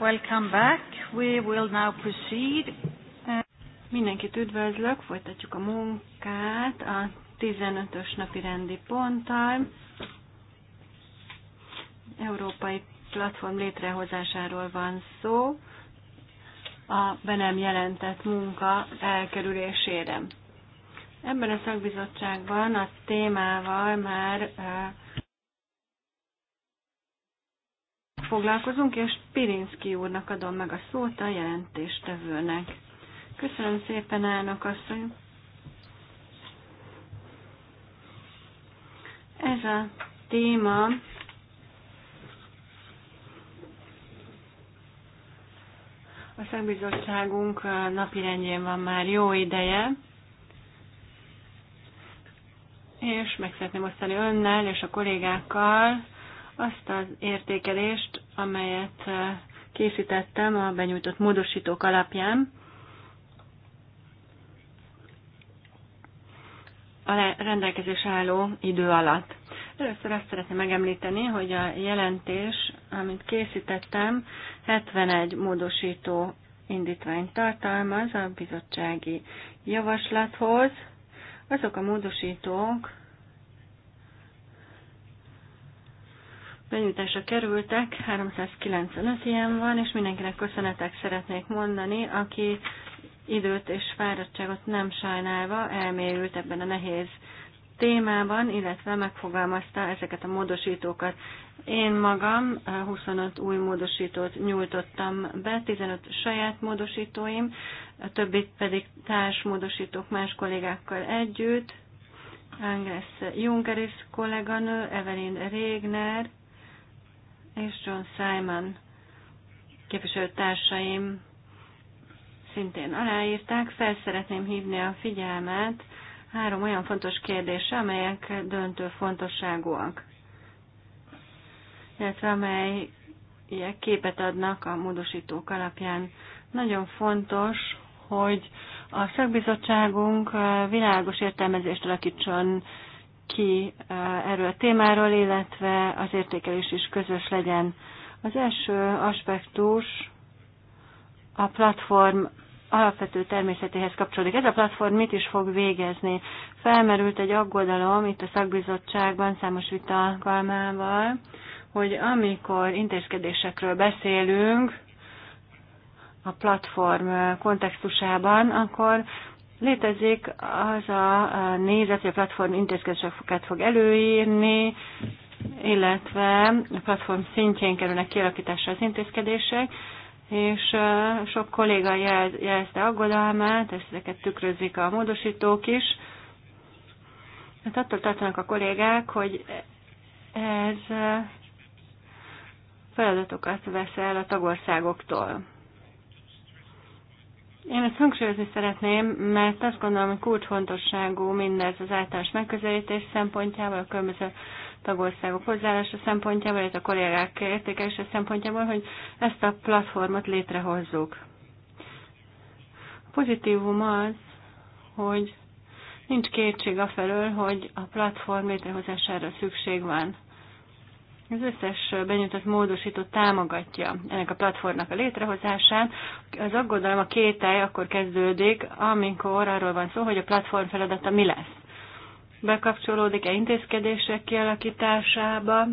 Welcome back. We will now proceed. Mindenkit üdvözlök, folytatjuk a munkát a 15-ös napi rendi ponttal. Európai platform létrehozásáról van szó a be nem jelentett munka elkerülésére. Ebben a szakbizottságban a témával már foglalkozunk, és Pirinszki úrnak adom meg a szót a jelentéstevőnek. Köszönöm szépen, állnak asszony. Ez a téma a szakbizottságunk napirendjén van már jó ideje, és meg szeretném osztani önnel és a kollégákkal, azt az értékelést, amelyet eh, készítettem a benyújtott módosítók alapján. a rendelkezés álló idő alatt. Először azt szeretném megemlíteni, hogy a jelentés, amit készítettem, 71 módosító indítványt tartalmaz a bizottsági javaslathoz. Azok a módosítók, benyújtásra kerültek, 395 ilyen van, és mindenkinek köszönetek szeretnék mondani, aki időt és fáradtságot nem sajnálva elmélyült ebben a nehéz témában, illetve megfogalmazta ezeket a módosítókat. Én magam 25 eh, új módosítót nyújtottam be, 15 saját módosítóim, a többit pedig társ módosítók más kollégákkal együtt, Anges Junkeris kolléganő, Evelyn Régner, és John Simon képviselőtársaim szintén aláírták. Fel szeretném hívni a figyelmet három olyan fontos kérdésre, amelyek döntő fontosságúak, illetve amelyek képet adnak a módosítók alapján. Nagyon fontos, hogy a szakbizottságunk világos értelmezést alakítson ki erről a témáról, illetve az értékelés is közös legyen. Az első aspektus a platform alapvető természetéhez kapcsolódik. Ez a platform mit is fog végezni? Felmerült egy aggodalom itt a szakbizottságban számos vita kalmával, hogy amikor intézkedésekről beszélünk a platform kontextusában, akkor Létezik az a nézet, hogy a platform intézkedéseket fog előírni, illetve a platform szintjén kerülnek kialakításra az intézkedések, és sok kolléga jelezte aggodalmát, ezeket tükrözik a módosítók is. Hát attól tartanak a kollégák, hogy ez feladatokat vesz el a tagországoktól. Én ezt hangsúlyozni szeretném, mert azt gondolom, hogy kulcsfontosságú mindez az általános megközelítés szempontjából, a különböző tagországok hozzáállása szempontjából, ez a kollégák értékelése szempontjából, hogy ezt a platformot létrehozzuk. A pozitívum az, hogy nincs kétség afelől, hogy a platform létrehozására szükség van. Az összes benyújtott módosító támogatja ennek a platformnak a létrehozásán. Az aggodalom a kételj akkor kezdődik, amikor arról van szó, hogy a platform feladata mi lesz. Bekapcsolódik-e intézkedések kialakításába?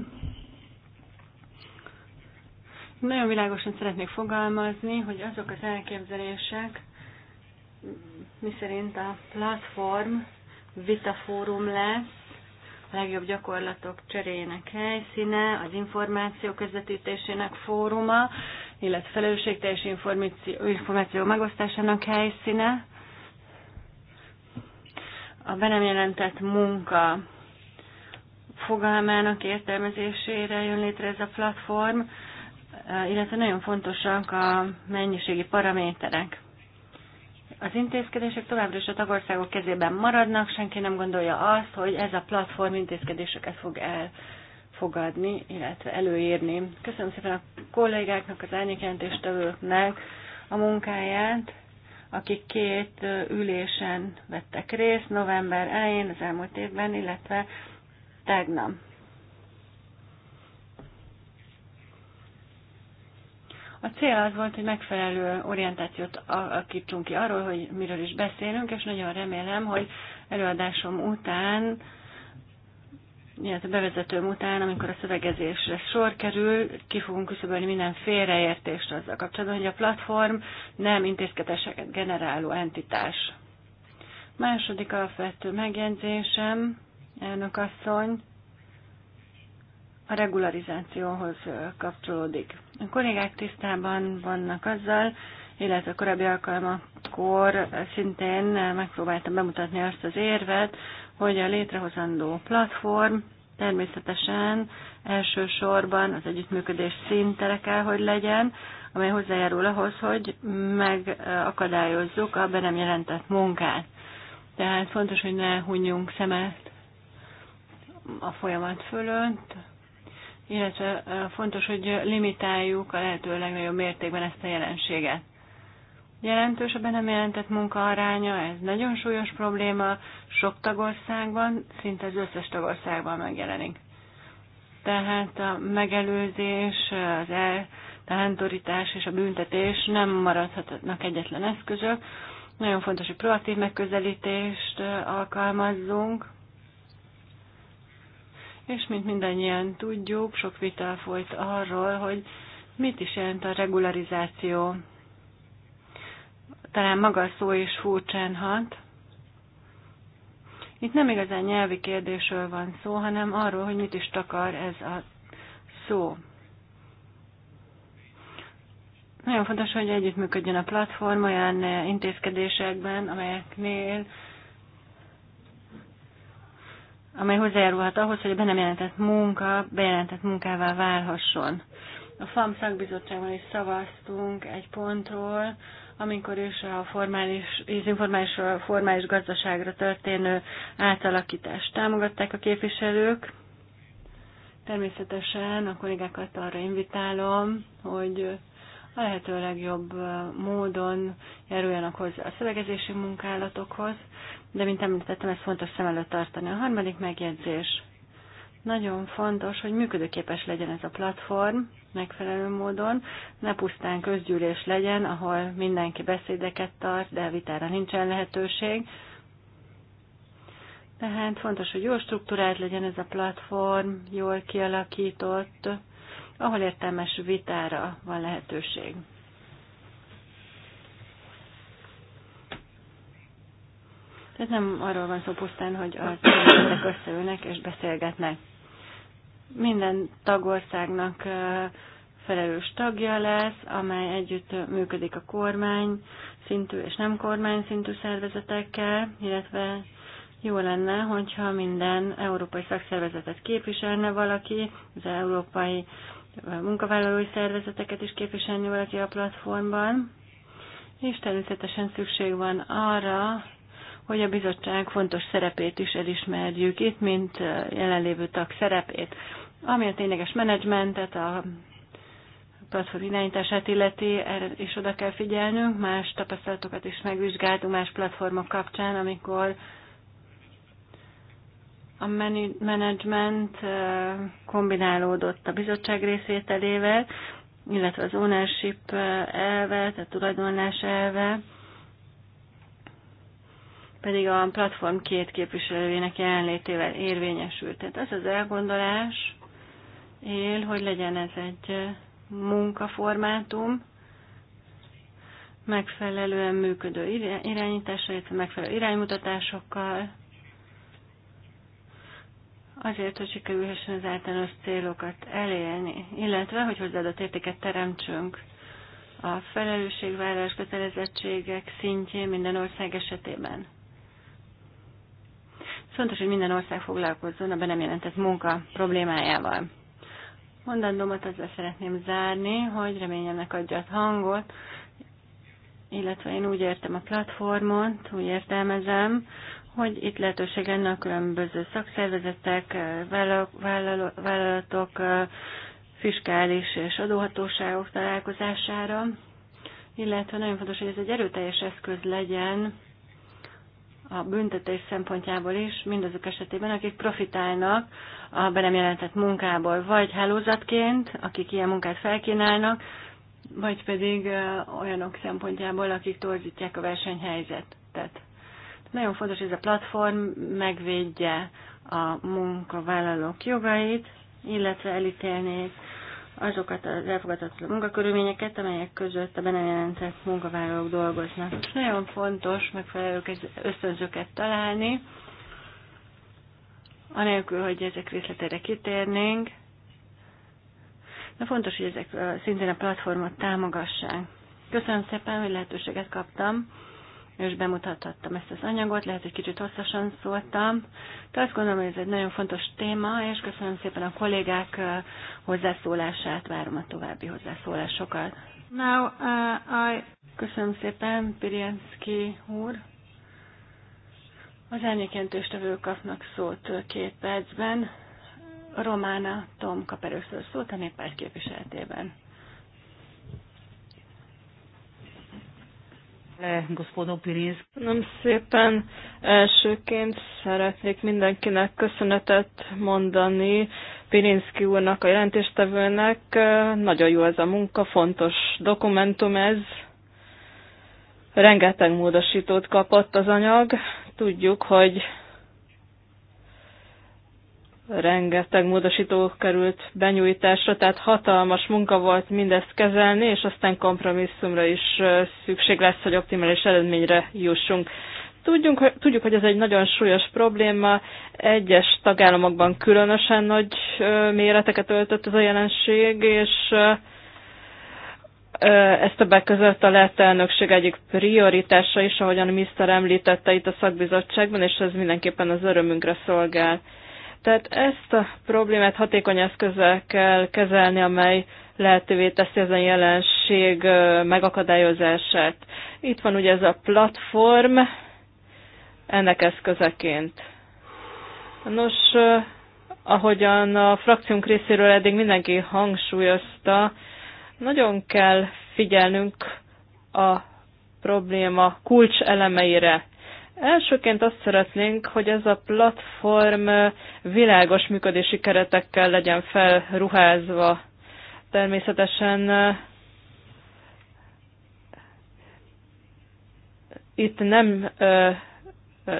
Nagyon világosan szeretnék fogalmazni, hogy azok az elképzelések, miszerint a platform vitafórum lesz, a legjobb gyakorlatok cseréjének helyszíne, az információ közvetítésének fóruma, illetve felelősségteljes információ, információ megosztásának helyszíne, a be nem jelentett munka fogalmának értelmezésére jön létre ez a platform, illetve nagyon fontosak a mennyiségi paraméterek. Az intézkedések továbbra is a tagországok kezében maradnak, senki nem gondolja azt, hogy ez a platform intézkedéseket fog elfogadni, illetve előírni. Köszönöm szépen a kollégáknak, az árnyékjelentéstevőknek a munkáját, akik két ülésen vettek részt november elején az elmúlt évben, illetve tegnap. A cél az volt, hogy megfelelő orientációt alakítsunk ki arról, hogy miről is beszélünk, és nagyon remélem, hogy előadásom után, illetve bevezetőm után, amikor a szövegezésre sor kerül, ki fogunk küszöbölni minden félreértést azzal kapcsolatban, hogy a platform nem intézkedéseket generáló entitás. Második alapvető megjegyzésem, elnök asszony, a regularizációhoz kapcsolódik. A kollégák tisztában vannak azzal, illetve korábbi alkalmakkor szintén megpróbáltam bemutatni azt az érvet, hogy a létrehozandó platform természetesen elsősorban az együttműködés szintere kell, hogy legyen, amely hozzájárul ahhoz, hogy megakadályozzuk a be nem jelentett munkát. Tehát fontos, hogy ne hunyjunk szemet a folyamat fölött, illetve fontos, hogy limitáljuk a lehető legnagyobb mértékben ezt a jelenséget. Jelentős a be nem jelentett munka aránya, ez nagyon súlyos probléma, sok tagországban, szinte az összes tagországban megjelenik. Tehát a megelőzés, az eltántorítás és a büntetés nem maradhatnak egyetlen eszközök. Nagyon fontos, hogy proaktív megközelítést alkalmazzunk, és mint mindannyian tudjuk, sok vita folyt arról, hogy mit is jelent a regularizáció. Talán maga a szó is furcsán hat. Itt nem igazán nyelvi kérdésről van szó, hanem arról, hogy mit is takar ez a szó. Nagyon fontos, hogy együttműködjön a platform olyan intézkedésekben, amelyeknél amely hozzájárulhat ahhoz, hogy a be nem jelentett munka bejelentett munkává válhasson. A FAM szakbizottságban is szavaztunk egy pontról, amikor is a formális, az informális a formális gazdaságra történő átalakítást támogatták a képviselők. Természetesen a kollégákat arra invitálom, hogy a lehető legjobb módon járuljanak hozzá a szövegezési munkálatokhoz de mint említettem, ezt fontos szem előtt tartani. A harmadik megjegyzés. Nagyon fontos, hogy működőképes legyen ez a platform megfelelő módon, ne pusztán közgyűlés legyen, ahol mindenki beszédeket tart, de vitára nincsen lehetőség. Tehát fontos, hogy jól struktúrált legyen ez a platform, jól kialakított, ahol értelmes vitára van lehetőség. Tehát nem arról van szó pusztán, hogy a területek összeülnek és beszélgetnek. Minden tagországnak felelős tagja lesz, amely együtt működik a kormány szintű és nem kormány szintű szervezetekkel, illetve jó lenne, hogyha minden európai szakszervezetet képviselne valaki, az európai munkavállalói szervezeteket is képviselni valaki a platformban, és természetesen szükség van arra, hogy a bizottság fontos szerepét is elismerjük itt, mint jelenlévő tag szerepét. Ami a tényleges menedzsmentet, a platform irányítását illeti, erre is oda kell figyelnünk, más tapasztalatokat is megvizsgáltunk más platformok kapcsán, amikor a menedzsment kombinálódott a bizottság részvételével, illetve az ownership elve, tehát tulajdonlás elve, pedig a platform két képviselőjének jelenlétével érvényesült. Tehát az az elgondolás él, hogy legyen ez egy munkaformátum, megfelelően működő irányítással, illetve megfelelő iránymutatásokkal, azért, hogy sikerülhessen az általános célokat elérni, illetve, hogy hozzáadott értéket teremtsünk a felelősségvállalás kötelezettségek szintjén minden ország esetében. Fontos, hogy minden ország foglalkozzon a be nem jelentett munka problémájával. Mondandómat azzal szeretném zárni, hogy reményemnek a hangot, illetve én úgy értem a platformot, úgy értelmezem, hogy itt lehetőség lenne a különböző szakszervezetek, vállalatok, fiskális és adóhatóságok találkozására, illetve nagyon fontos, hogy ez egy erőteljes eszköz legyen a büntetés szempontjából is, mindazok esetében, akik profitálnak a be nem jelentett munkából, vagy hálózatként, akik ilyen munkát felkínálnak, vagy pedig olyanok szempontjából, akik torzítják a versenyhelyzetet. Nagyon fontos, hogy ez a platform megvédje a munkavállalók jogait, illetve elítélnék azokat az elfogadható munkakörülményeket, amelyek között a be nem jelentett munkavállalók dolgoznak. És nagyon fontos megfelelő ösztönzőket találni, anélkül, hogy ezek részletére kitérnénk. De fontos, hogy ezek szintén a platformot támogassák. Köszönöm szépen, hogy lehetőséget kaptam és bemutathattam ezt az anyagot, lehet, hogy kicsit hosszasan szóltam. De azt gondolom, hogy ez egy nagyon fontos téma, és köszönöm szépen a kollégák hozzászólását, várom a további hozzászólásokat. Now, uh, I... Köszönöm szépen, Pirjenszki úr. Az elnyékentőstevők kapnak szót két percben. Romána Tom kap először szót a néppárt képviseletében. gospodu Pirinszki. Nem szépen elsőként szeretnék mindenkinek köszönetet mondani Pirinszki úrnak, a jelentéstevőnek. Nagyon jó ez a munka, fontos dokumentum ez. Rengeteg módosítót kapott az anyag. Tudjuk, hogy rengeteg módosító került benyújtásra, tehát hatalmas munka volt mindezt kezelni, és aztán kompromisszumra is szükség lesz, hogy optimális eredményre jussunk. Tudjunk, tudjuk, hogy ez egy nagyon súlyos probléma, egyes tagállamokban különösen nagy méreteket öltött ez a jelenség, és ezt a között a lett elnökség egyik prioritása is, ahogyan a miniszter említette itt a szakbizottságban, és ez mindenképpen az örömünkre szolgál. Tehát ezt a problémát hatékony eszközzel kell kezelni, amely lehetővé teszi ezen jelenség megakadályozását. Itt van ugye ez a platform ennek eszközeként. Nos, ahogyan a frakciónk részéről eddig mindenki hangsúlyozta, nagyon kell figyelnünk a probléma kulcs elemeire. Elsőként azt szeretnénk, hogy ez a platform világos működési keretekkel legyen felruházva. Természetesen itt nem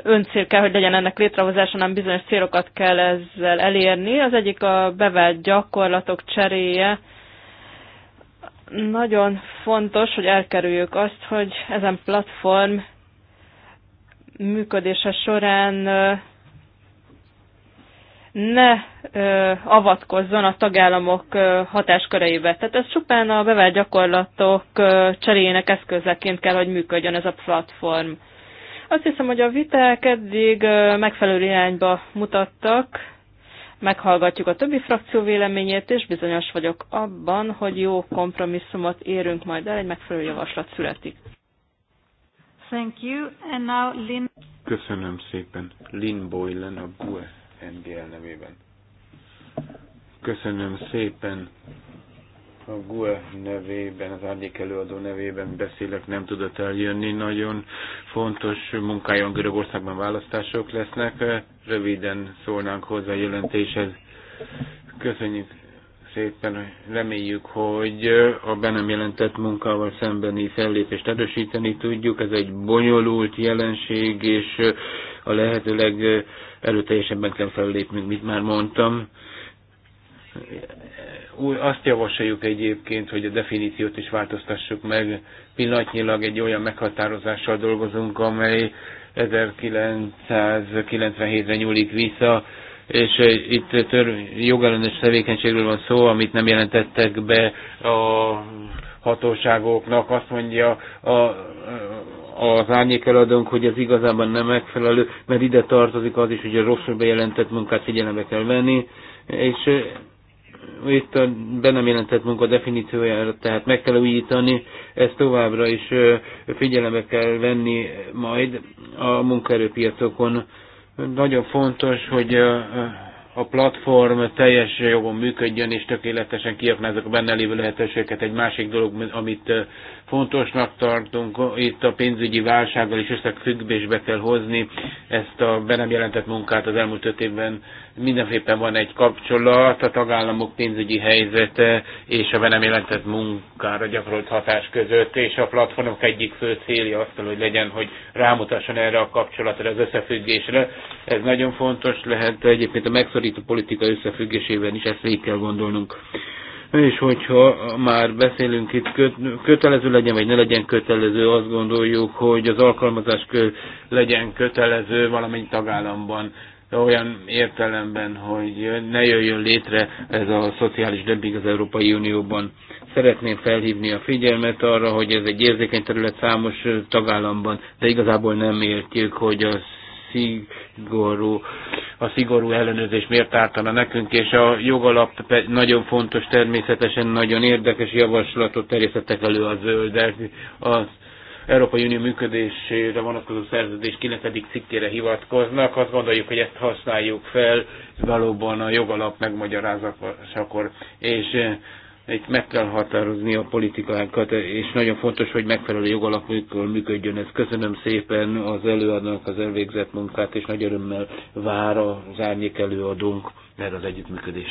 öncél kell, hogy legyen ennek létrehozása, hanem bizonyos célokat kell ezzel elérni. Az egyik a bevált gyakorlatok cseréje. Nagyon fontos, hogy elkerüljük azt, hogy ezen platform működése során ne ö, avatkozzon a tagállamok ö, hatásköreibe. Tehát ez csupán a bevált gyakorlatok ö, cseréjének eszközeként kell, hogy működjön ez a platform. Azt hiszem, hogy a viták eddig ö, megfelelő irányba mutattak, meghallgatjuk a többi frakció véleményét, és bizonyos vagyok abban, hogy jó kompromisszumot érünk majd el, egy megfelelő javaslat születik. Thank you. And now Lynn... Köszönöm szépen. Lynn Boylan a GUE NGL nevében. Köszönöm szépen a GUE nevében, az árnyék előadó nevében beszélek, nem tudott eljönni. Nagyon fontos munkájon Görögországban választások lesznek. Röviden szólnánk hozzá a jelentéshez. Köszönjük szépen. Reméljük, hogy a be nem jelentett munkával szembeni fellépést erősíteni tudjuk. Ez egy bonyolult jelenség, és a lehetőleg erőteljesebben kell fellépnünk, mint már mondtam. Azt javasoljuk egyébként, hogy a definíciót is változtassuk meg. Pillanatnyilag egy olyan meghatározással dolgozunk, amely 1997-re nyúlik vissza, és eh, itt tör, jogellenes tevékenységről van szó, amit nem jelentettek be a hatóságoknak. Azt mondja a, az árnyék eladónk, hogy ez igazában nem megfelelő, mert ide tartozik az is, hogy a rosszul bejelentett munkát figyelembe kell venni, és eh, itt a be nem jelentett munka definíciójára, tehát meg kell újítani, ezt továbbra is eh, figyelembe kell venni majd a munkaerőpiacokon nagyon fontos, hogy a platform teljes jogon működjön, és tökéletesen kiaknázzak a benne lévő lehetőségeket. Egy másik dolog, amit fontosnak tartunk. Itt a pénzügyi válsággal is összefüggésbe kell hozni ezt a be nem jelentett munkát az elmúlt öt évben. Mindenféppen van egy kapcsolat a tagállamok pénzügyi helyzete és a be nem jelentett munkára gyakorolt hatás között, és a platformok egyik fő célja az hogy legyen, hogy rámutasson erre a kapcsolatra, az összefüggésre. Ez nagyon fontos lehet egyébként a megszorító politika összefüggésében is, ezt végig kell gondolnunk és hogyha már beszélünk itt, kötelező legyen, vagy ne legyen kötelező, azt gondoljuk, hogy az alkalmazás kö, legyen kötelező valamennyi tagállamban, olyan értelemben, hogy ne jöjjön létre ez a szociális dömping az Európai Unióban. Szeretném felhívni a figyelmet arra, hogy ez egy érzékeny terület számos tagállamban, de igazából nem értjük, hogy a szigorú a szigorú ellenőrzés miért ártana nekünk, és a jogalap nagyon fontos, természetesen nagyon érdekes javaslatot terjesztettek elő a zöldek. Az Európai Unió működésére vonatkozó szerződés 9. cikkére hivatkoznak. Azt gondoljuk, hogy ezt használjuk fel valóban a jogalap megmagyarázásakor. És itt meg kell határozni a politikánkat, és nagyon fontos, hogy megfelelő jogalapokkal működjön ez. Köszönöm szépen az előadónak az elvégzett munkát, és nagy örömmel vár az árnyék előadónk erre az együttműködés.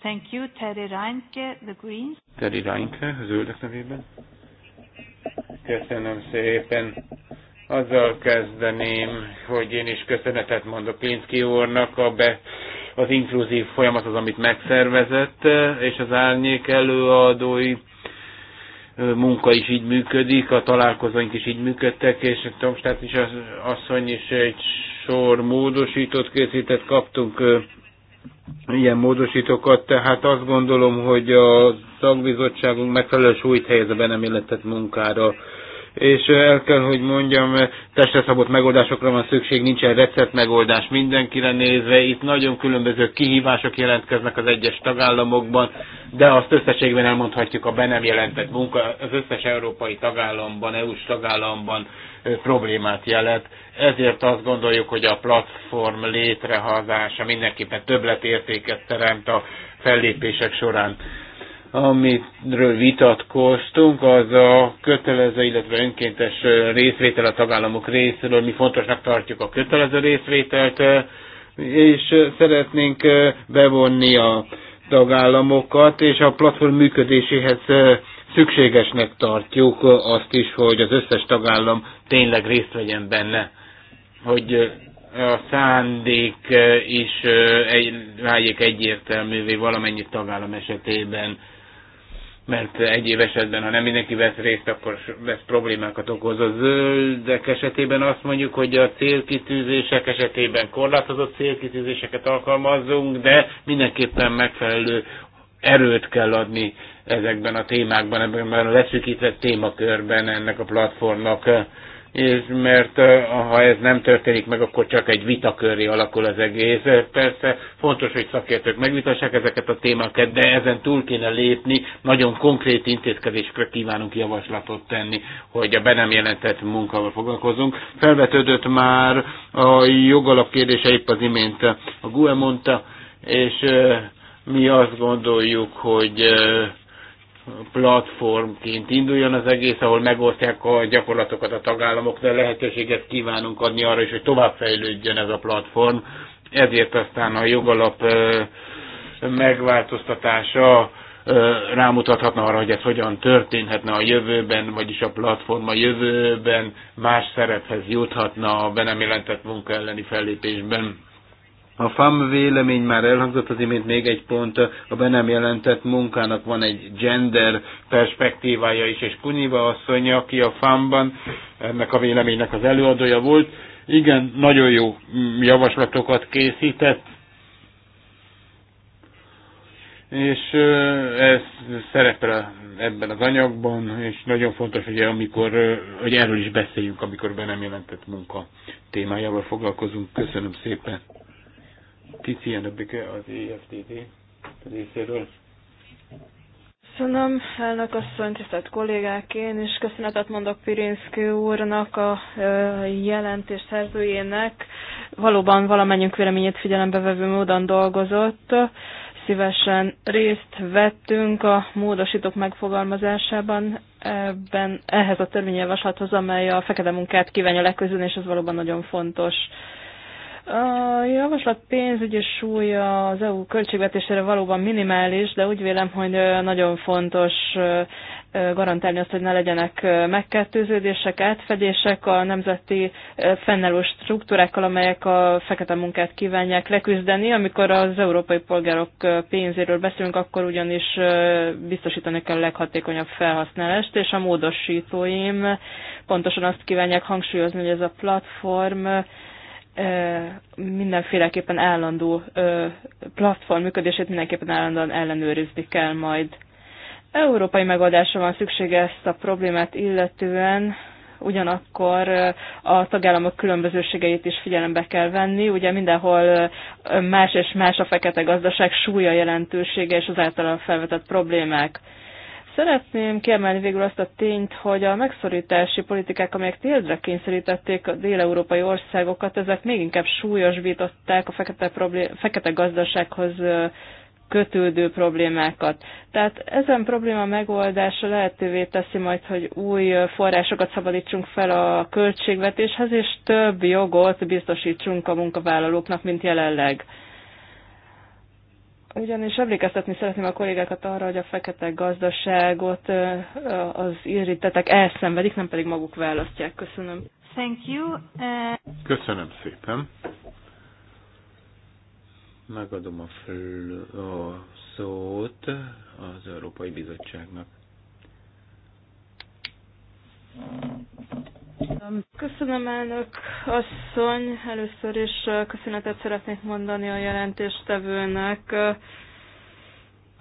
Thank you, Terry Reinke, the Greens. Terry Reinke, zöldek nevében. Köszönöm szépen. Azzal kezdeném, hogy én is köszönetet mondok Pinszki úrnak a be az inkluzív folyamat az, amit megszervezett, és az árnyék előadói munka is így működik, a találkozóink is így működtek, és Tomstát is az asszony is egy sor módosított készített, kaptunk ilyen módosítókat, tehát azt gondolom, hogy a szakbizottságunk megfelelő súlyt helyez a be munkára és el kell, hogy mondjam, testre szabott megoldásokra van szükség, nincsen recept megoldás mindenkire nézve. Itt nagyon különböző kihívások jelentkeznek az egyes tagállamokban, de azt összességben elmondhatjuk a be nem jelentett munka az összes európai tagállamban, EU-s tagállamban problémát jelent. Ezért azt gondoljuk, hogy a platform létrehozása mindenképpen többletértéket teremt a fellépések során amiről vitatkoztunk, az a kötelező, illetve önkéntes részvétel a tagállamok részéről. Mi fontosnak tartjuk a kötelező részvételt, és szeretnénk bevonni a tagállamokat, és a platform működéséhez szükségesnek tartjuk azt is, hogy az összes tagállam tényleg részt vegyen benne, hogy a szándék is egy, váljék egyértelművé valamennyi tagállam esetében mert egy év esetben, ha nem mindenki vesz részt, akkor vesz problémákat okoz. A zöldek esetében azt mondjuk, hogy a célkitűzések esetében korlátozott célkitűzéseket alkalmazzunk, de mindenképpen megfelelő erőt kell adni ezekben a témákban, ebben a leszűkített témakörben ennek a platformnak és mert ha ez nem történik meg, akkor csak egy vitakörré alakul az egész. Persze fontos, hogy szakértők megvitassák ezeket a témákat, de ezen túl kéne lépni, nagyon konkrét intézkedésre kívánunk javaslatot tenni, hogy a be nem jelentett munkával foglalkozunk. Felvetődött már a jogalap kérdése épp az imént a GUE mondta, és mi azt gondoljuk, hogy platformként induljon az egész, ahol megosztják a gyakorlatokat a tagállamok, de lehetőséget kívánunk adni arra is, hogy továbbfejlődjön ez a platform. Ezért aztán a jogalap megváltoztatása rámutathatna arra, hogy ez hogyan történhetne a jövőben, vagyis a platforma jövőben más szerephez juthatna a be nem jelentett munka elleni fellépésben. A FAM vélemény már elhangzott az imént még egy pont, a be nem jelentett munkának van egy gender perspektívája is, és Kunyiva asszony, aki a FAM-ban ennek a véleménynek az előadója volt, igen, nagyon jó javaslatokat készített, és ez szerepel ebben az anyagban, és nagyon fontos, hogy, amikor, hogy erről is beszéljünk, amikor be nem jelentett munka témájával foglalkozunk. Köszönöm szépen! Tiziana az EFTD részéről. Köszönöm, elnök asszony, tisztelt kollégák, én is köszönetet mondok Pirinszki úrnak, a jelentés szerzőjének. Valóban valamennyünk véleményét figyelembe vevő módon dolgozott. Szívesen részt vettünk a módosítók megfogalmazásában ebben, ehhez a törvényjavaslathoz, amely a fekete munkát kívánja leközülni, és ez valóban nagyon fontos. A javaslat pénzügyi súlya az EU költségvetésére valóban minimális, de úgy vélem, hogy nagyon fontos garantálni azt, hogy ne legyenek megkettőződések, átfedések a nemzeti fennálló struktúrákkal, amelyek a fekete munkát kívánják leküzdeni. Amikor az európai polgárok pénzéről beszélünk, akkor ugyanis biztosítani kell a leghatékonyabb felhasználást, és a módosítóim pontosan azt kívánják hangsúlyozni, hogy ez a platform mindenféleképpen állandó platform működését mindenképpen állandóan ellenőrizni kell majd. Európai megoldásra van szüksége ezt a problémát illetően, ugyanakkor a tagállamok különbözőségeit is figyelembe kell venni. Ugye mindenhol más és más a fekete gazdaság súlya jelentősége és az általában felvetett problémák. Szeretném kiemelni végül azt a tényt, hogy a megszorítási politikák, amelyek térdre kényszerítették a déleurópai országokat, ezek még inkább súlyosbították a fekete, problém, fekete gazdasághoz kötődő problémákat. Tehát ezen probléma megoldása lehetővé teszi majd, hogy új forrásokat szabadítsunk fel a költségvetéshez, és több jogot biztosítsunk a munkavállalóknak, mint jelenleg. Ugyanis emlékeztetni szeretném a kollégákat arra, hogy a fekete gazdaságot az irritetek elszenvedik, nem pedig maguk választják. Köszönöm. Thank you. Uh... Köszönöm szépen. Megadom a, föl, a szót az Európai Bizottságnak. Köszönöm, elnök asszony. Először is uh, köszönetet szeretnék mondani a jelentéstevőnek uh,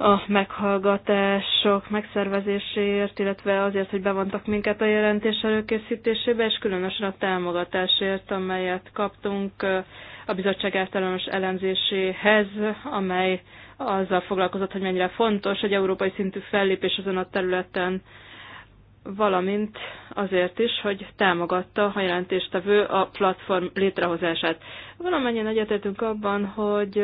a meghallgatások megszervezéséért, illetve azért, hogy bevontak minket a jelentés előkészítésébe, és különösen a támogatásért, amelyet kaptunk uh, a bizottság általános elemzéséhez, amely azzal foglalkozott, hogy mennyire fontos egy európai szintű fellépés azon a területen, valamint azért is, hogy támogatta a jelentéstevő a platform létrehozását. Valamennyien egyetértünk abban, hogy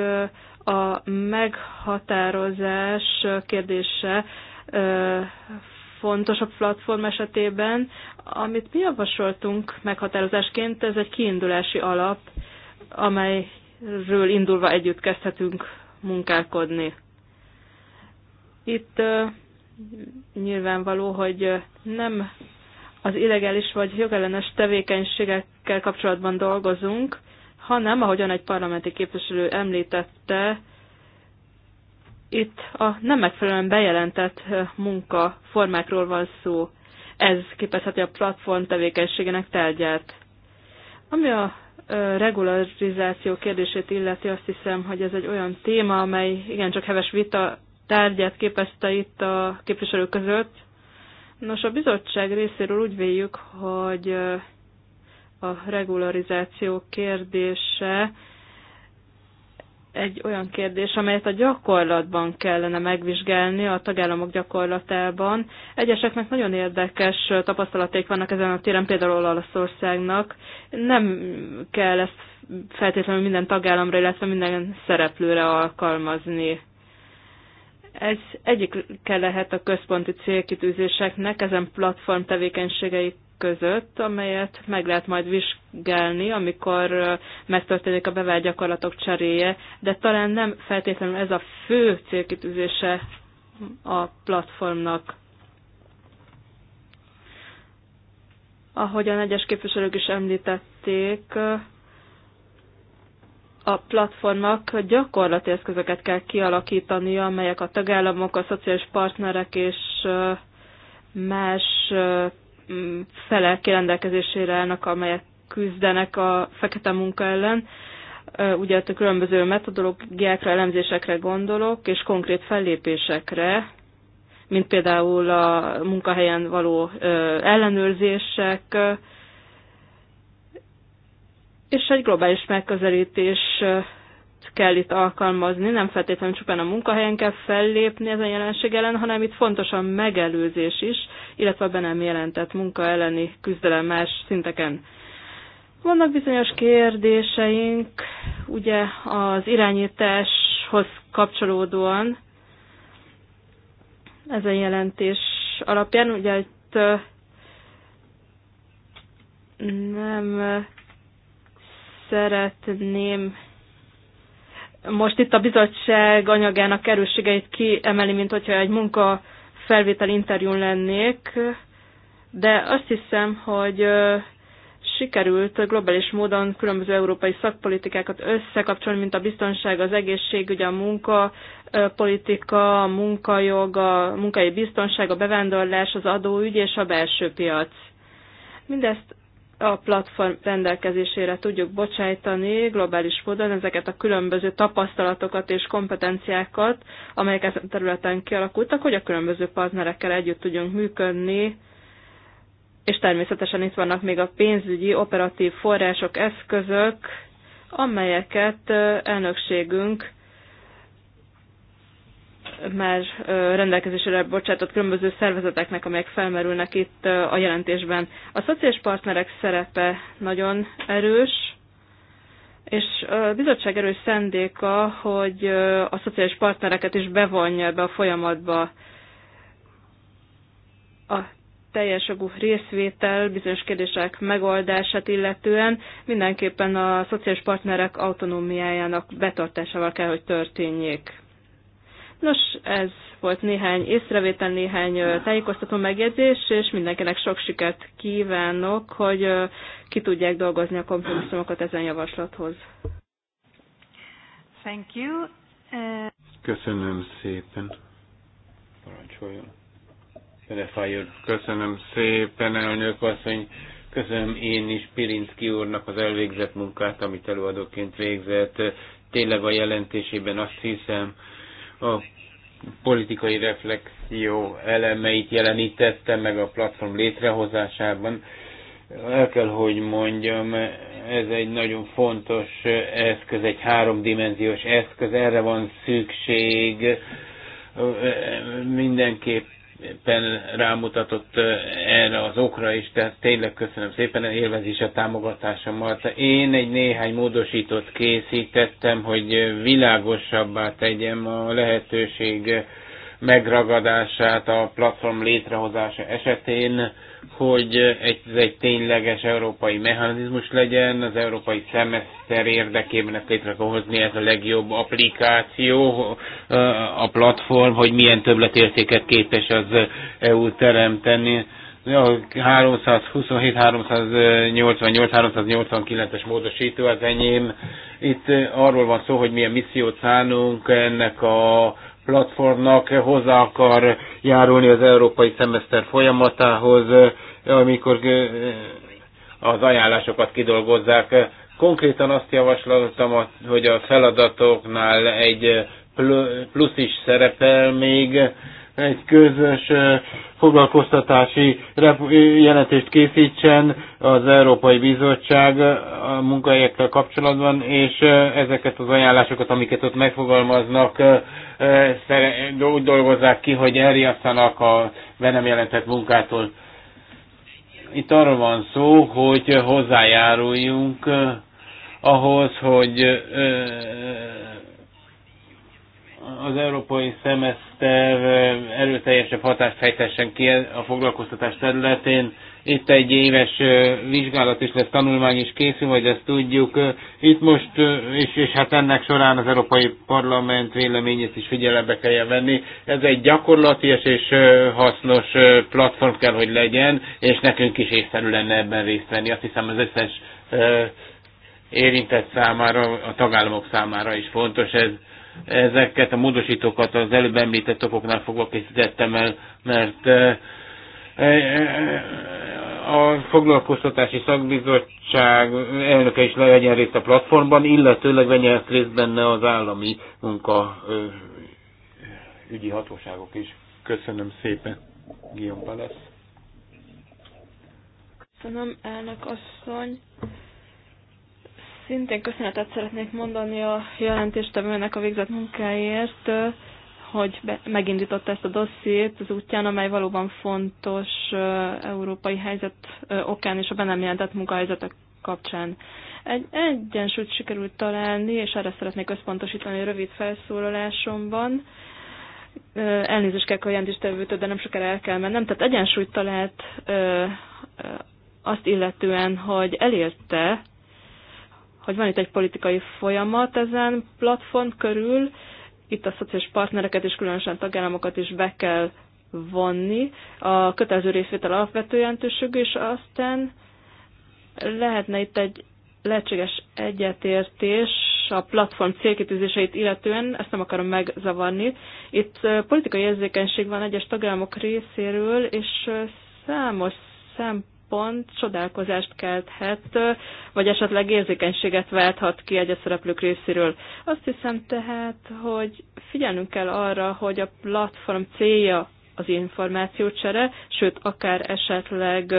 a meghatározás kérdése fontos a platform esetében. Amit mi javasoltunk meghatározásként, ez egy kiindulási alap, amelyről indulva együtt kezdhetünk munkálkodni. Itt nyilvánvaló, hogy nem az illegális vagy jogellenes tevékenységekkel kapcsolatban dolgozunk, hanem, ahogyan egy parlamenti képviselő említette, itt a nem megfelelően bejelentett munkaformákról van szó. Ez képezheti a platform tevékenységének tárgyát. Ami a regularizáció kérdését illeti, azt hiszem, hogy ez egy olyan téma, amely igencsak heves vita tárgyát képezte itt a képviselők között. Nos, a bizottság részéről úgy véljük, hogy a regularizáció kérdése egy olyan kérdés, amelyet a gyakorlatban kellene megvizsgálni, a tagállamok gyakorlatában. Egyeseknek nagyon érdekes tapasztalaték vannak ezen a téren, például Olaszországnak. Nem kell ezt feltétlenül minden tagállamra, illetve minden szereplőre alkalmazni. Ez egyike lehet a központi célkitűzéseknek ezen platform tevékenységei között, amelyet meg lehet majd vizsgálni, amikor megtörténik a bevált gyakorlatok cseréje, de talán nem feltétlenül ez a fő célkitűzése a platformnak. Ahogyan egyes képviselők is említették, a platformnak gyakorlati eszközöket kell kialakítani, amelyek a tagállamok, a szociális partnerek és más felek rendelkezésére állnak, amelyek küzdenek a fekete munka ellen. Ugye a különböző metodológiákra, elemzésekre gondolok, és konkrét fellépésekre, mint például a munkahelyen való ellenőrzések, és egy globális megközelítés kell itt alkalmazni, nem feltétlenül csupán a munkahelyen kell fellépni ezen jelenség ellen, hanem itt fontos a megelőzés is, illetve a be nem jelentett munka elleni küzdelem más szinteken. Vannak bizonyos kérdéseink, ugye az irányításhoz kapcsolódóan ezen jelentés alapján, ugye itt nem szeretném most itt a bizottság anyagának erősségeit kiemeli, mint hogyha egy munka felvétel interjún lennék, de azt hiszem, hogy sikerült globális módon különböző európai szakpolitikákat összekapcsolni, mint a biztonság, az ugye a munka politika, a munkajog, a munkai biztonság, a bevándorlás, az adóügy és a belső piac. Mindezt a platform rendelkezésére tudjuk bocsájtani globális módon ezeket a különböző tapasztalatokat és kompetenciákat, amelyek ezen területen kialakultak, hogy a különböző partnerekkel együtt tudjunk működni, és természetesen itt vannak még a pénzügyi, operatív források, eszközök, amelyeket elnökségünk már rendelkezésre bocsátott különböző szervezeteknek, amelyek felmerülnek itt a jelentésben. A szociális partnerek szerepe nagyon erős, és a bizottság erős szendéka, hogy a szociális partnereket is bevonja ebbe a folyamatba a teljes jogú részvétel bizonyos kérdések megoldását illetően mindenképpen a szociális partnerek autonómiájának betartásával kell, hogy történjék. Nos, ez volt néhány észrevétel, néhány tájékoztató megjegyzés, és mindenkinek sok sikert kívánok, hogy ki tudják dolgozni a kompromisszumokat ezen javaslathoz. Thank you. Uh, köszönöm szépen. Parancsoljon. Köszönöm szépen, elnök asszony. Köszönöm én is Pirinszki úrnak az elvégzett munkát, amit előadóként végzett. Tényleg a jelentésében azt hiszem, a politikai reflexió elemeit jelenítette meg a platform létrehozásában. El kell, hogy mondjam, ez egy nagyon fontos eszköz, egy háromdimenziós eszköz, erre van szükség mindenképp éppen rámutatott eh, erre az okra is, tehát tényleg köszönöm szépen, élvezés a támogatásomat. Én egy néhány módosítót készítettem, hogy világosabbá tegyem a lehetőség megragadását a platform létrehozása esetén, hogy egy, ez egy tényleges európai mechanizmus legyen, az európai szemeszter érdekében ezt létre kell hozni, ez a legjobb applikáció, a platform, hogy milyen többletértéket képes az EU teremteni. 327-388-389-es módosító az enyém. Itt arról van szó, hogy milyen missziót szánunk ennek a platformnak hozzá akar járulni az európai szemeszter folyamatához, amikor az ajánlásokat kidolgozzák. Konkrétan azt javaslottam, hogy a feladatoknál egy plusz is szerepel még, egy közös foglalkoztatási jelentést készítsen az Európai Bizottság a munkahelyekkel kapcsolatban, és ezeket az ajánlásokat, amiket ott megfogalmaznak, úgy dolgozzák ki, hogy elriasztanak a be nem jelentett munkától. Itt arról van szó, hogy hozzájáruljunk ahhoz, hogy az európai szemeszter erőteljesebb hatást fejtessen ki a foglalkoztatás területén. Itt egy éves vizsgálat is lesz, tanulmány is készül, hogy ezt tudjuk. Itt most, és, és hát ennek során az Európai Parlament véleményét is figyelembe kell venni. Ez egy gyakorlatias és hasznos platform kell, hogy legyen, és nekünk is észszerű lenne ebben részt venni. Azt hiszem az összes érintett számára, a tagállamok számára is fontos ez Ezeket a módosítókat az előbb említett okoknál fogva készítettem el, mert eh, eh, a foglalkoztatási szakbizottság elnöke is legyen részt a platformban, illetőleg vegyen részt benne az állami munka eh, ügyi hatóságok is. Köszönöm szépen, Guillaume Palesz. Köszönöm, elnök asszony. Szintén köszönetet szeretnék mondani a jelentéstevőnek a végzett munkáért, hogy be, megindította ezt a dossziét az útján, amely valóban fontos európai helyzet okán és a be nem jelentett munkahelyzetek kapcsán. Egy egyensúlyt sikerült találni, és erre szeretnék összpontosítani a rövid felszólalásomban. Elnézést kell, a jelentéstevőtől, de nem sokára el kell mennem. Tehát egyensúlyt talált azt illetően, hogy elérte hogy van itt egy politikai folyamat ezen platform körül, itt a szociális partnereket és különösen tagállamokat is be kell vonni. A kötelező részvétel alapvető jelentőségű, és aztán lehetne itt egy lehetséges egyetértés a platform célkitűzéseit illetően, ezt nem akarom megzavarni. Itt politikai érzékenység van egyes tagállamok részéről, és számos szempont pont csodálkozást kelthet, vagy esetleg érzékenységet válthat ki egy szereplők részéről. Azt hiszem tehát, hogy figyelnünk kell arra, hogy a platform célja az információcsere, sőt, akár esetleg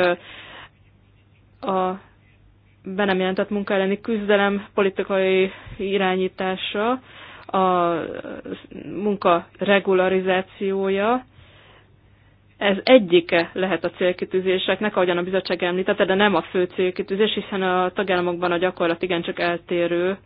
a be nem jelentett munka elleni küzdelem politikai irányítása, a munka regularizációja, ez egyike lehet a célkitűzéseknek, ahogyan a bizottság említette, de nem a fő célkitűzés, hiszen a tagállamokban a gyakorlat igencsak eltérő.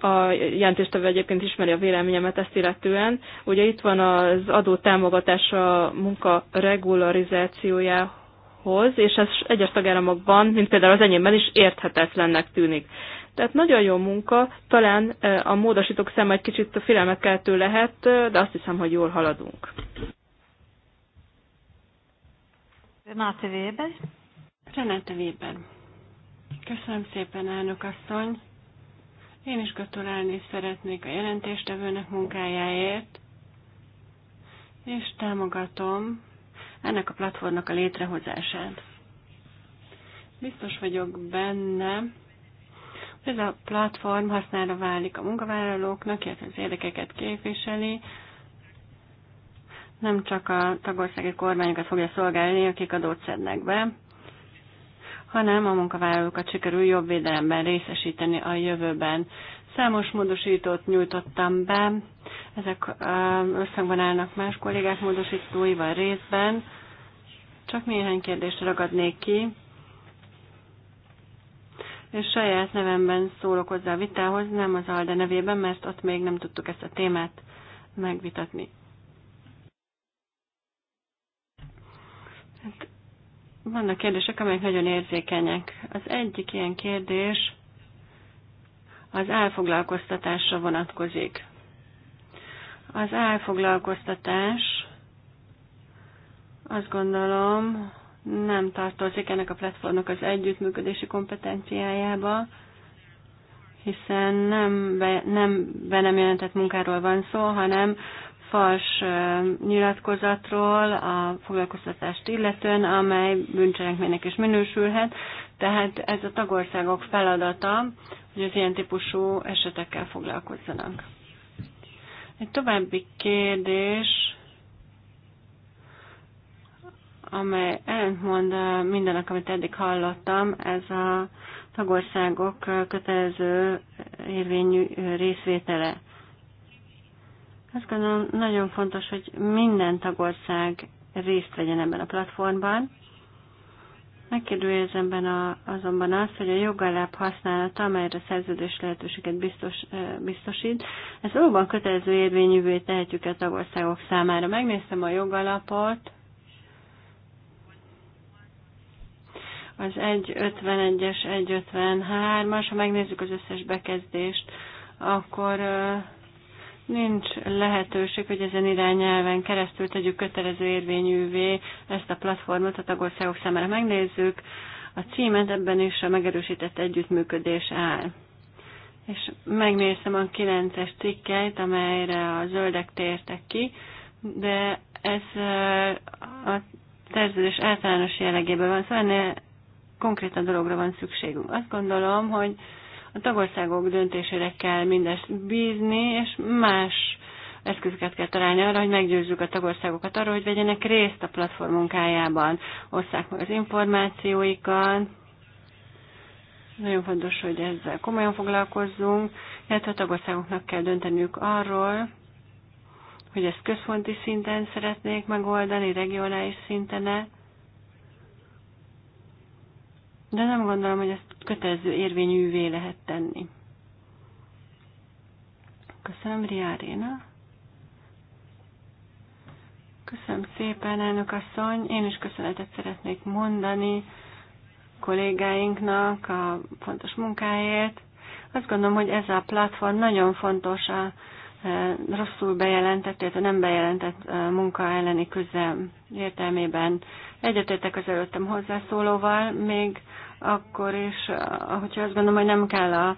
A jelentéstevő egyébként ismeri a véleményemet ezt illetően. Ugye itt van az adó támogatása a munka regularizációjához, és ez egyes tagállamokban, mint például az enyémben is érthetetlennek tűnik. Tehát nagyon jó munka, talán a módosítók szem egy kicsit a keltő lehet, de azt hiszem, hogy jól haladunk. Renate Weber. Renate Weber. Köszönöm szépen, elnök asszony. Én is gratulálni szeretnék a jelentéstevőnek munkájáért, és támogatom ennek a platformnak a létrehozását. Biztos vagyok benne, ez a platform hasznára válik a munkavállalóknak, illetve az érdekeket képviseli, nem csak a tagországi kormányokat fogja szolgálni, akik adót szednek be, hanem a munkavállalókat sikerül jobb védelemben részesíteni a jövőben. Számos módosítót nyújtottam be, ezek összhangban állnak más kollégák módosítóival részben. Csak néhány kérdést ragadnék ki és saját nevemben szólok hozzá a vitához, nem az Alde nevében, mert ott még nem tudtuk ezt a témát megvitatni. Hát, vannak kérdések, amelyek nagyon érzékenyek. Az egyik ilyen kérdés az elfoglalkoztatásra vonatkozik. Az elfoglalkoztatás azt gondolom, nem tartozik ennek a platformnak az együttműködési kompetenciájába, hiszen nem, be, nem be nem jelentett munkáról van szó, hanem fals nyilatkozatról a foglalkoztatást illetően, amely bűncselekménynek is minősülhet. Tehát ez a tagországok feladata, hogy az ilyen típusú esetekkel foglalkozzanak. Egy további kérdés amely ellentmond mindenek, amit eddig hallottam, ez a tagországok kötelező érvényű részvétele. Azt gondolom, nagyon fontos, hogy minden tagország részt vegyen ebben a platformban. Megkérdőjelezem benne azonban azt, hogy a jogalap használata, amelyre szerződés lehetőséget biztos, biztosít, ezt valóban kötelező érvényűvé tehetjük a tagországok számára. Megnéztem a jogalapot, az 1.51-es, 1.53-as, ha megnézzük az összes bekezdést, akkor nincs lehetőség, hogy ezen irányelven keresztül tegyük kötelező érvényűvé ezt a platformot a tagországok számára. Megnézzük, a címet ebben is a megerősített együttműködés áll. És megnéztem a 9-es cikkeit, amelyre a zöldek tértek ki, de ez a szerződés általános jellegében van, szóval ennél konkrétan dologra van szükségünk. Azt gondolom, hogy a tagországok döntésére kell mindezt bízni, és más eszközöket kell találni arra, hogy meggyőzzük a tagországokat arra, hogy vegyenek részt a platform munkájában, osszák meg az információikat. Nagyon fontos, hogy ezzel komolyan foglalkozzunk, illetve a tagországoknak kell dönteniük arról, hogy ezt központi szinten szeretnék megoldani, regionális szinten -e, de nem gondolom, hogy ezt kötelező érvényűvé lehet tenni. Köszönöm, Riáréna. Köszönöm szépen, elnök asszony. Én is köszönetet szeretnék mondani kollégáinknak a fontos munkáért. Azt gondolom, hogy ez a platform nagyon fontos a rosszul bejelentett, illetve nem bejelentett munka elleni küzdelem értelmében. Egyetértek az előttem hozzászólóval, még akkor is, hogyha azt gondolom, hogy nem kell a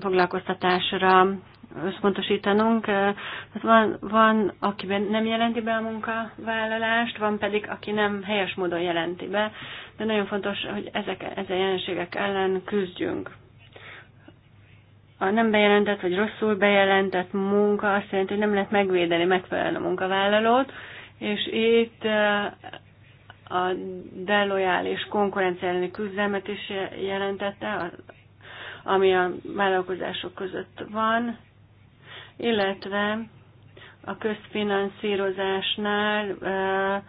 foglalkoztatásra összpontosítanunk. Hát van, van, akiben nem jelenti be a munkavállalást, van pedig, aki nem helyes módon jelenti be, de nagyon fontos, hogy ezek, ezen jelenségek ellen küzdjünk a nem bejelentett vagy rosszul bejelentett munka azt jelenti, hogy nem lehet megvédeni megfelelően a munkavállalót, és itt eh, a delojális konkurencia elleni küzdelmet is jelentette, ami a vállalkozások között van, illetve a közfinanszírozásnál eh,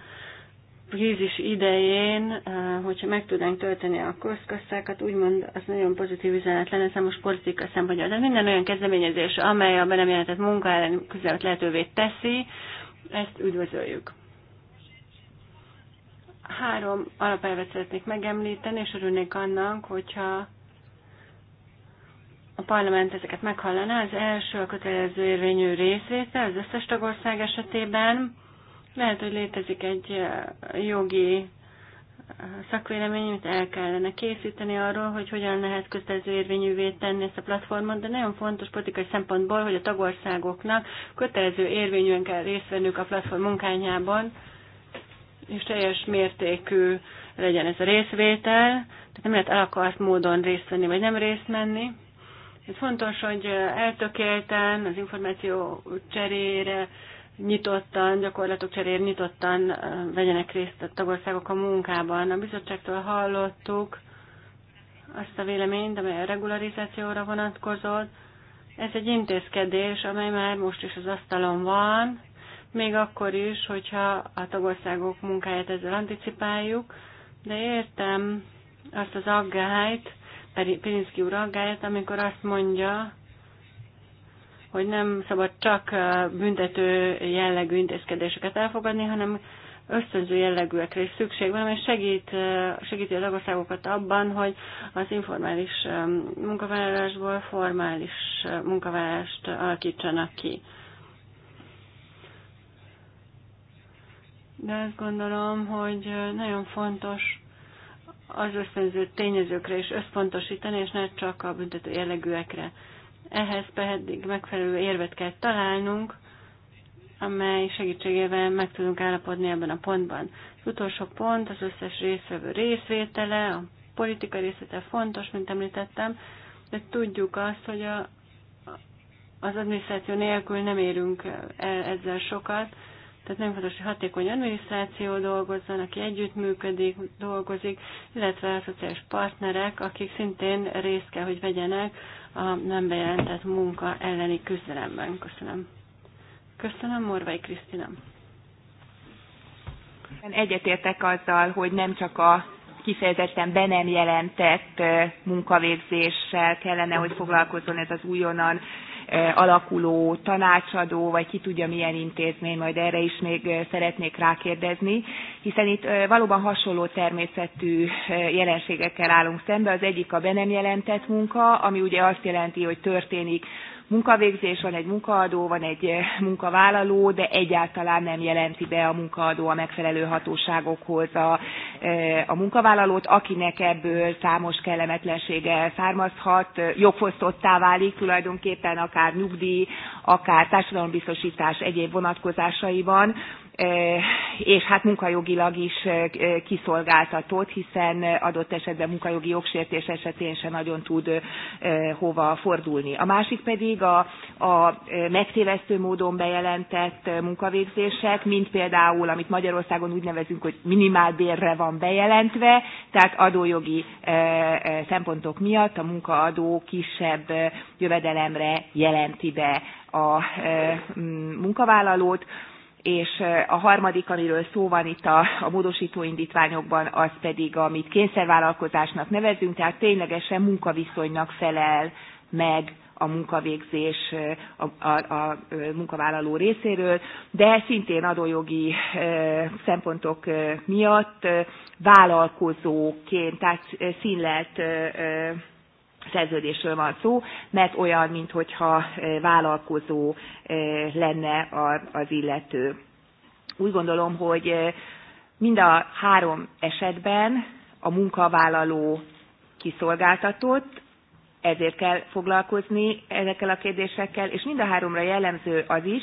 krízis idején, eh, hogyha meg tudnánk tölteni a közkasszákat, úgymond az nagyon pozitív üzenet lenne számos politika szempontja. De minden olyan kezdeményezés, amely a be nem jelentett munka ellen közelet lehetővé teszi, ezt üdvözöljük. Három alapelvet szeretnék megemlíteni, és örülnék annak, hogyha a parlament ezeket meghallaná. Az első a kötelező érvényű részvétel az összes tagország esetében, lehet, hogy létezik egy jogi szakvélemény, amit el kellene készíteni arról, hogy hogyan lehet kötelező érvényűvé tenni ezt a platformot, de nagyon fontos politikai szempontból, hogy a tagországoknak kötelező érvényűen kell részt vennünk a platform munkányában, és teljes mértékű legyen ez a részvétel, tehát nem lehet elakart módon részt venni, vagy nem részt menni. Ez fontos, hogy eltökélten az információ cserére nyitottan, gyakorlatok cserér nyitottan vegyenek részt a tagországok a munkában. A bizottságtól hallottuk azt a véleményt, amely a regularizációra vonatkozott. Ez egy intézkedés, amely már most is az asztalon van, még akkor is, hogyha a tagországok munkáját ezzel anticipáljuk, de értem azt az aggályt, Pirinszki úr aggályt, amikor azt mondja, hogy nem szabad csak büntető jellegű intézkedéseket elfogadni, hanem ösztönző jellegűekre is szükség van, és segít, segíti az országokat abban, hogy az informális munkavállalásból formális munkavállalást alakítsanak ki. De azt gondolom, hogy nagyon fontos az ösztönző tényezőkre is összpontosítani, és ne csak a büntető jellegűekre. Ehhez pedig megfelelő érvet kell találnunk, amely segítségével meg tudunk állapodni ebben a pontban. Az utolsó pont, az összes részvevő részvétele, a politika részvétele fontos, mint említettem, de tudjuk azt, hogy a, az adminisztráció nélkül nem érünk el ezzel sokat, tehát nagyon fontos, hogy hatékony adminisztráció dolgozzon, aki együttműködik, dolgozik, illetve a szociális partnerek, akik szintén részt kell, hogy vegyenek a nem bejelentett munka elleni küzdelemben. Köszönöm. Köszönöm, Morvai Krisztina. Egyetértek azzal, hogy nem csak a kifejezetten be nem jelentett eh, munkavégzéssel kellene, hogy foglalkozzon ez az újonnan Eh, alakuló tanácsadó, vagy ki tudja milyen intézmény, majd erre is még eh, szeretnék rákérdezni, hiszen itt eh, valóban hasonló természetű jelenségekkel állunk szembe. Az egyik a be nem jelentett munka, ami ugye azt jelenti, hogy történik munkavégzés, van egy munkaadó, van egy eh, munkavállaló, de egyáltalán nem jelenti be a munkaadó a megfelelő hatóságokhoz a, eh, a munkavállalót, akinek ebből számos kellemetlensége származhat, eh, jogfosztottá válik tulajdonképpen akár nyugdíj, akár társadalombiztosítás egyéb vonatkozásaiban, és hát munkajogilag is kiszolgáltatott, hiszen adott esetben munkajogi jogsértés esetén se nagyon tud hova fordulni. A másik pedig a, a megtévesztő módon bejelentett munkavégzések, mint például, amit Magyarországon úgy nevezünk, hogy minimálbérre van bejelentve, tehát adójogi szempontok miatt a munkaadó kisebb jövedelemre jelenti be a munkavállalót, és a harmadik, amiről szó van itt a, a módosító indítványokban, az pedig, amit kényszervállalkozásnak nevezünk, tehát ténylegesen munkaviszonynak felel meg a munkavégzés a, a, a munkavállaló részéről, de szintén adójogi szempontok miatt vállalkozóként, tehát színlelt szerződésről van szó, mert olyan, mintha vállalkozó lenne az illető. Úgy gondolom, hogy mind a három esetben a munkavállaló kiszolgáltatott, ezért kell foglalkozni ezekkel a kérdésekkel, és mind a háromra jellemző az is,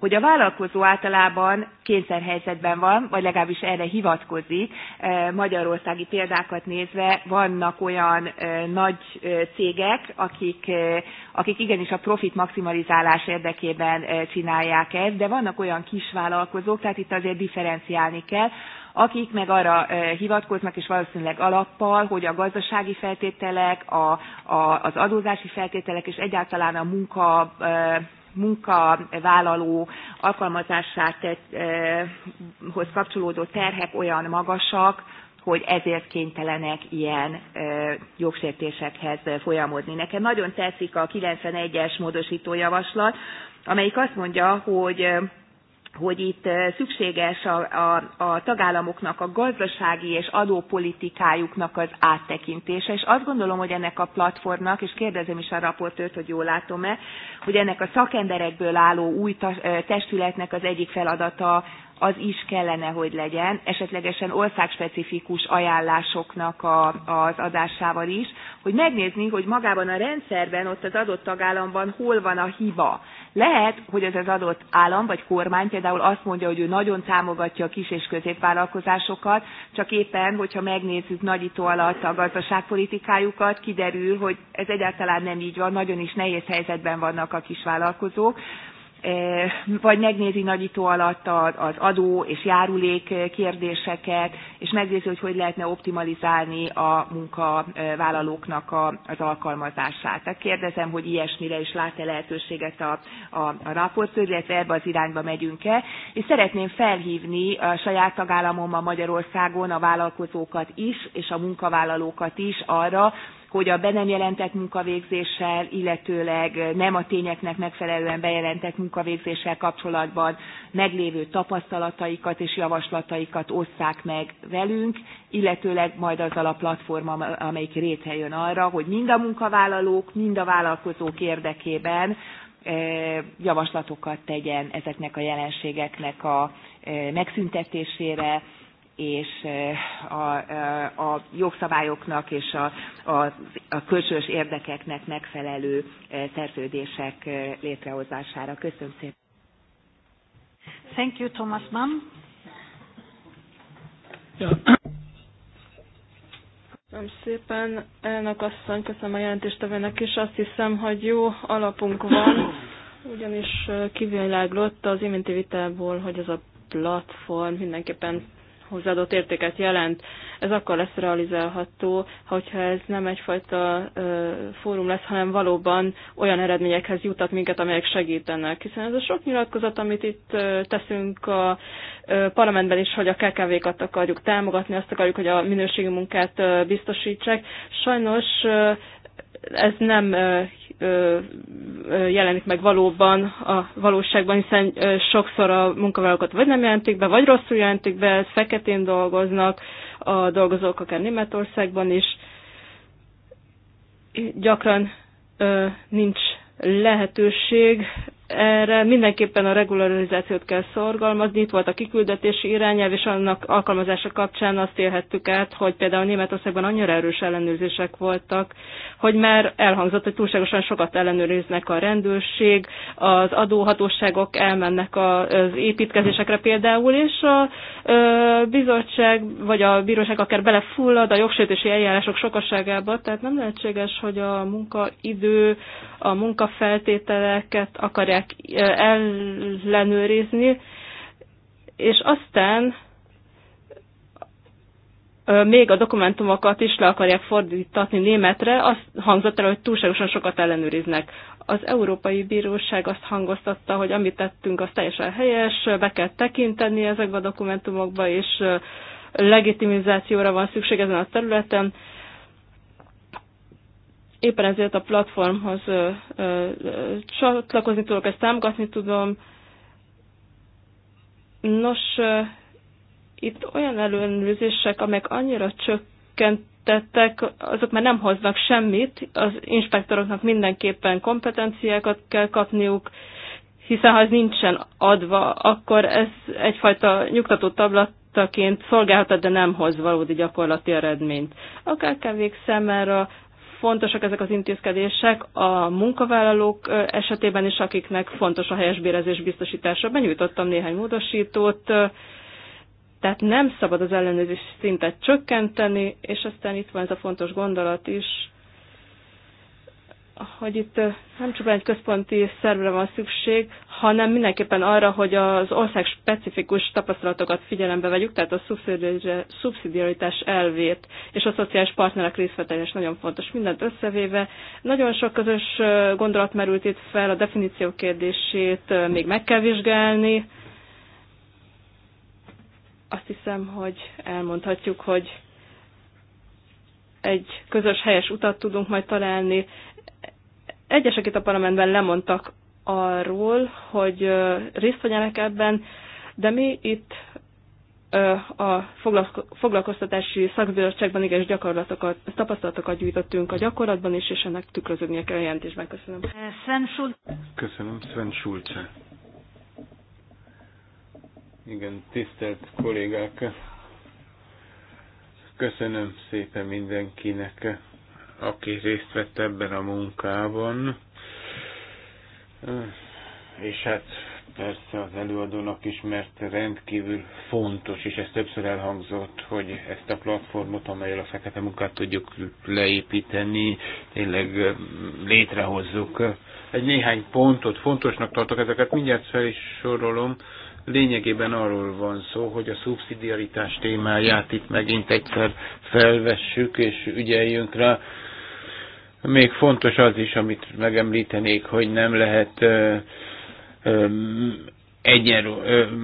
hogy a vállalkozó általában kényszerhelyzetben van, vagy legalábbis erre hivatkozik. Magyarországi példákat nézve vannak olyan nagy cégek, akik, akik igenis a profit maximalizálás érdekében csinálják ezt, de vannak olyan kis vállalkozók, tehát itt azért differenciálni kell, akik meg arra hivatkoznak, és valószínűleg alappal, hogy a gazdasági feltételek, a, a, az adózási feltételek, és egyáltalán a munka munkavállaló alkalmazásához eh, kapcsolódó terhek olyan magasak, hogy ezért kénytelenek ilyen ö, eh, jogsértésekhez folyamodni. Nekem nagyon tetszik a 91-es módosítójavaslat, amelyik azt mondja, hogy eh, hogy itt eh, szükséges a, a, a tagállamoknak a gazdasági és adópolitikájuknak az áttekintése, és azt gondolom, hogy ennek a platformnak, és kérdezem is a raportőrt, hogy jól látom-e, hogy ennek a szakemberekből álló új eh, testületnek az egyik feladata az is kellene, hogy legyen, esetlegesen országspecifikus ajánlásoknak a, az adásával is, hogy megnézni, hogy magában a rendszerben, ott az adott tagállamban hol van a hiba. Lehet, hogy ez az adott állam vagy kormány például azt mondja, hogy ő nagyon támogatja a kis- és középvállalkozásokat, csak éppen, hogyha megnézzük nagyító alatt a gazdaságpolitikájukat, kiderül, hogy ez egyáltalán nem így van, nagyon is nehéz helyzetben vannak a kisvállalkozók Eh, vagy megnézi nagyító alatt az adó és járulék eh, kérdéseket, és megnézi, hogy hogy lehetne optimalizálni a munkavállalóknak eh, az alkalmazását. Tehát kérdezem, hogy ilyesmire is lát-e lehetőséget a, a, a raportőr, illetve ebbe az irányba megyünk-e. És szeretném felhívni a saját tagállamommal Magyarországon a vállalkozókat is, és a munkavállalókat is arra, hogy a be nem jelentett munkavégzéssel, illetőleg nem a tényeknek megfelelően bejelentett munkavégzéssel kapcsolatban meglévő tapasztalataikat és javaslataikat osszák meg velünk, illetőleg majd azzal a platform, amelyik réte jön arra, hogy mind a munkavállalók, mind a vállalkozók érdekében eh, javaslatokat tegyen ezeknek a jelenségeknek a eh, megszüntetésére, és eh, a, eh, a jogszabályoknak és a, a, a kölcsös érdekeknek megfelelő eh, szerződések létrehozására. Köszönöm szépen. Thank you, Thomas Mann. Ja. Köszönöm szépen, elnök asszony, köszönöm a jelentéstevőnek is. Azt hiszem, hogy jó alapunk van, ugyanis kiviláglott az iménti vitából, hogy ez a platform mindenképpen hozzáadott értéket jelent. Ez akkor lesz realizálható, hogyha ez nem egyfajta ö, fórum lesz, hanem valóban olyan eredményekhez jutat minket, amelyek segítenek. Hiszen ez a sok nyilatkozat, amit itt ö, teszünk a ö, parlamentben is, hogy a KKV-kat akarjuk támogatni, azt akarjuk, hogy a minőségi munkát ö, biztosítsák. Sajnos ö, ez nem jelenik meg valóban a valóságban, hiszen sokszor a munkavállalókat vagy nem jelentik be, vagy rosszul jelentik be, feketén dolgoznak a dolgozók akár Németországban is. Gyakran nincs lehetőség erre mindenképpen a regularizációt kell szorgalmazni. Itt volt a kiküldetési irányelv, és annak alkalmazása kapcsán azt élhettük át, hogy például Németországban annyira erős ellenőrzések voltak, hogy már elhangzott, hogy túlságosan sokat ellenőriznek a rendőrség, az adóhatóságok elmennek az építkezésekre például, és a bizottság vagy a bíróság akár belefullad a jogsértési eljárások sokasságába, tehát nem lehetséges, hogy a munkaidő, a munkafeltételeket akarják fogják ellenőrizni, és aztán még a dokumentumokat is le akarják fordítatni németre, azt hangzott el, hogy túlságosan sokat ellenőriznek. Az Európai Bíróság azt hangoztatta, hogy amit tettünk, az teljesen helyes, be kell tekinteni ezekbe a dokumentumokba, és legitimizációra van szükség ezen a területen. Éppen ezért a platformhoz ö, ö, csatlakozni tudok, ezt támogatni tudom. Nos, ö, itt olyan előnőzések, amelyek annyira csökkentettek, azok már nem hoznak semmit, az inspektoroknak mindenképpen kompetenciákat kell kapniuk, hiszen ha ez nincsen adva, akkor ez egyfajta nyugtató tablattaként szolgálhat, de nem hoz valódi gyakorlati eredményt. A kkv számára fontosak ezek az intézkedések a munkavállalók esetében is, akiknek fontos a helyes bérezés biztosítása. Benyújtottam néhány módosítót, tehát nem szabad az ellenőrzés szintet csökkenteni, és aztán itt van ez a fontos gondolat is, hogy itt nem csak egy központi szervre van szükség, hanem mindenképpen arra, hogy az ország specifikus tapasztalatokat figyelembe vegyük, tehát a szubszidiaritás elvét és a szociális partnerek részvétele is nagyon fontos. Mindent összevéve nagyon sok közös gondolat merült itt fel, a definíció kérdését még meg kell vizsgálni. Azt hiszem, hogy elmondhatjuk, hogy egy közös helyes utat tudunk majd találni, egyesek itt a parlamentben lemondtak arról, hogy részt vegyenek ebben, de mi itt a foglalkoztatási szakbizottságban igenis gyakorlatokat, tapasztalatokat gyűjtöttünk a gyakorlatban is, és ennek tükröződnie kell a jelentésben. Köszönöm. Sven Köszönöm, Sven Schulze. Igen, tisztelt kollégák, köszönöm szépen mindenkinek aki részt vett ebben a munkában. És hát persze az előadónak is, mert rendkívül fontos, és ez többször elhangzott, hogy ezt a platformot, amelyel a fekete munkát tudjuk leépíteni, tényleg létrehozzuk. Egy néhány pontot fontosnak tartok, ezeket mindjárt fel is sorolom. Lényegében arról van szó, hogy a szubszidiaritás témáját itt megint egyszer felvessük és ügyeljünk rá még fontos az is, amit megemlítenék, hogy nem lehet egyen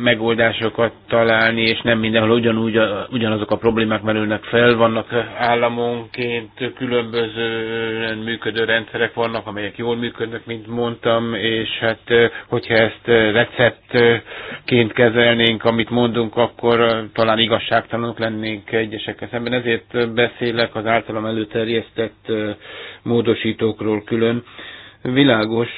megoldásokat találni, és nem mindenhol ugyanúgy, ugyanazok a problémák merülnek fel. Vannak államonként különbözően működő rendszerek vannak, amelyek jól működnek, mint mondtam, és hát hogyha ezt receptként kezelnénk, amit mondunk, akkor talán igazságtalanok lennénk egyesekkel szemben. Ezért beszélek az általam előterjesztett módosítókról külön. Világos,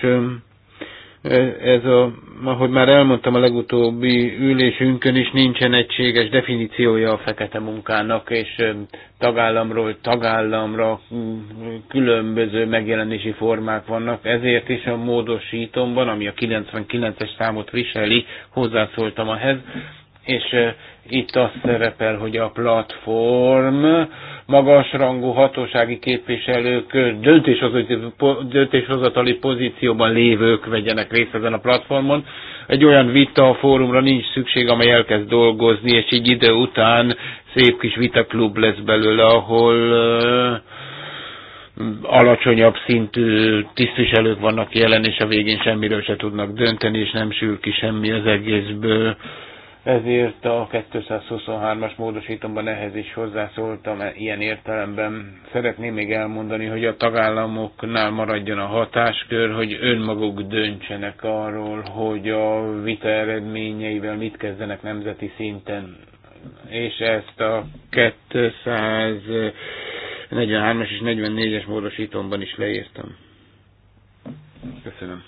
ez a, ahogy már elmondtam a legutóbbi ülésünkön is, nincsen egységes definíciója a fekete munkának, és tagállamról tagállamra különböző megjelenési formák vannak. Ezért is a módosítomban, ami a 99-es számot viseli, hozzászóltam ahhez, és itt az szerepel, hogy a platform magasrangú hatósági képviselők döntéshozatali pozícióban lévők vegyenek részt ezen a platformon. Egy olyan vita a fórumra nincs szükség, amely elkezd dolgozni, és így idő után szép kis vitaklub lesz belőle, ahol alacsonyabb szintű tisztviselők vannak jelen, és a végén semmiről se tudnak dönteni, és nem sül ki semmi az egészből ezért a 223-as módosítomban ehhez is hozzászóltam, e- ilyen értelemben szeretném még elmondani, hogy a tagállamoknál maradjon a hatáskör, hogy önmaguk döntsenek arról, hogy a vita eredményeivel mit kezdenek nemzeti szinten. És ezt a 243-as és 44-es módosítomban is leírtam. Köszönöm.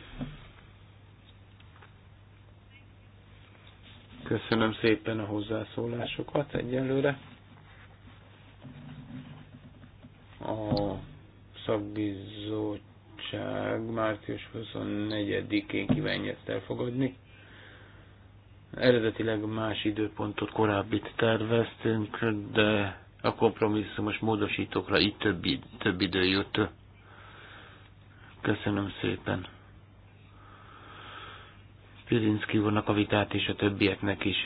Köszönöm szépen a hozzászólásokat egyelőre. A szakbizottság március 24-én kívánja ezt elfogadni. Eredetileg más időpontot korábbit terveztünk, de a kompromisszumos módosítókra itt több, több idő jött. Köszönöm szépen. Pirinszki úrnak a vitát és a többieknek is.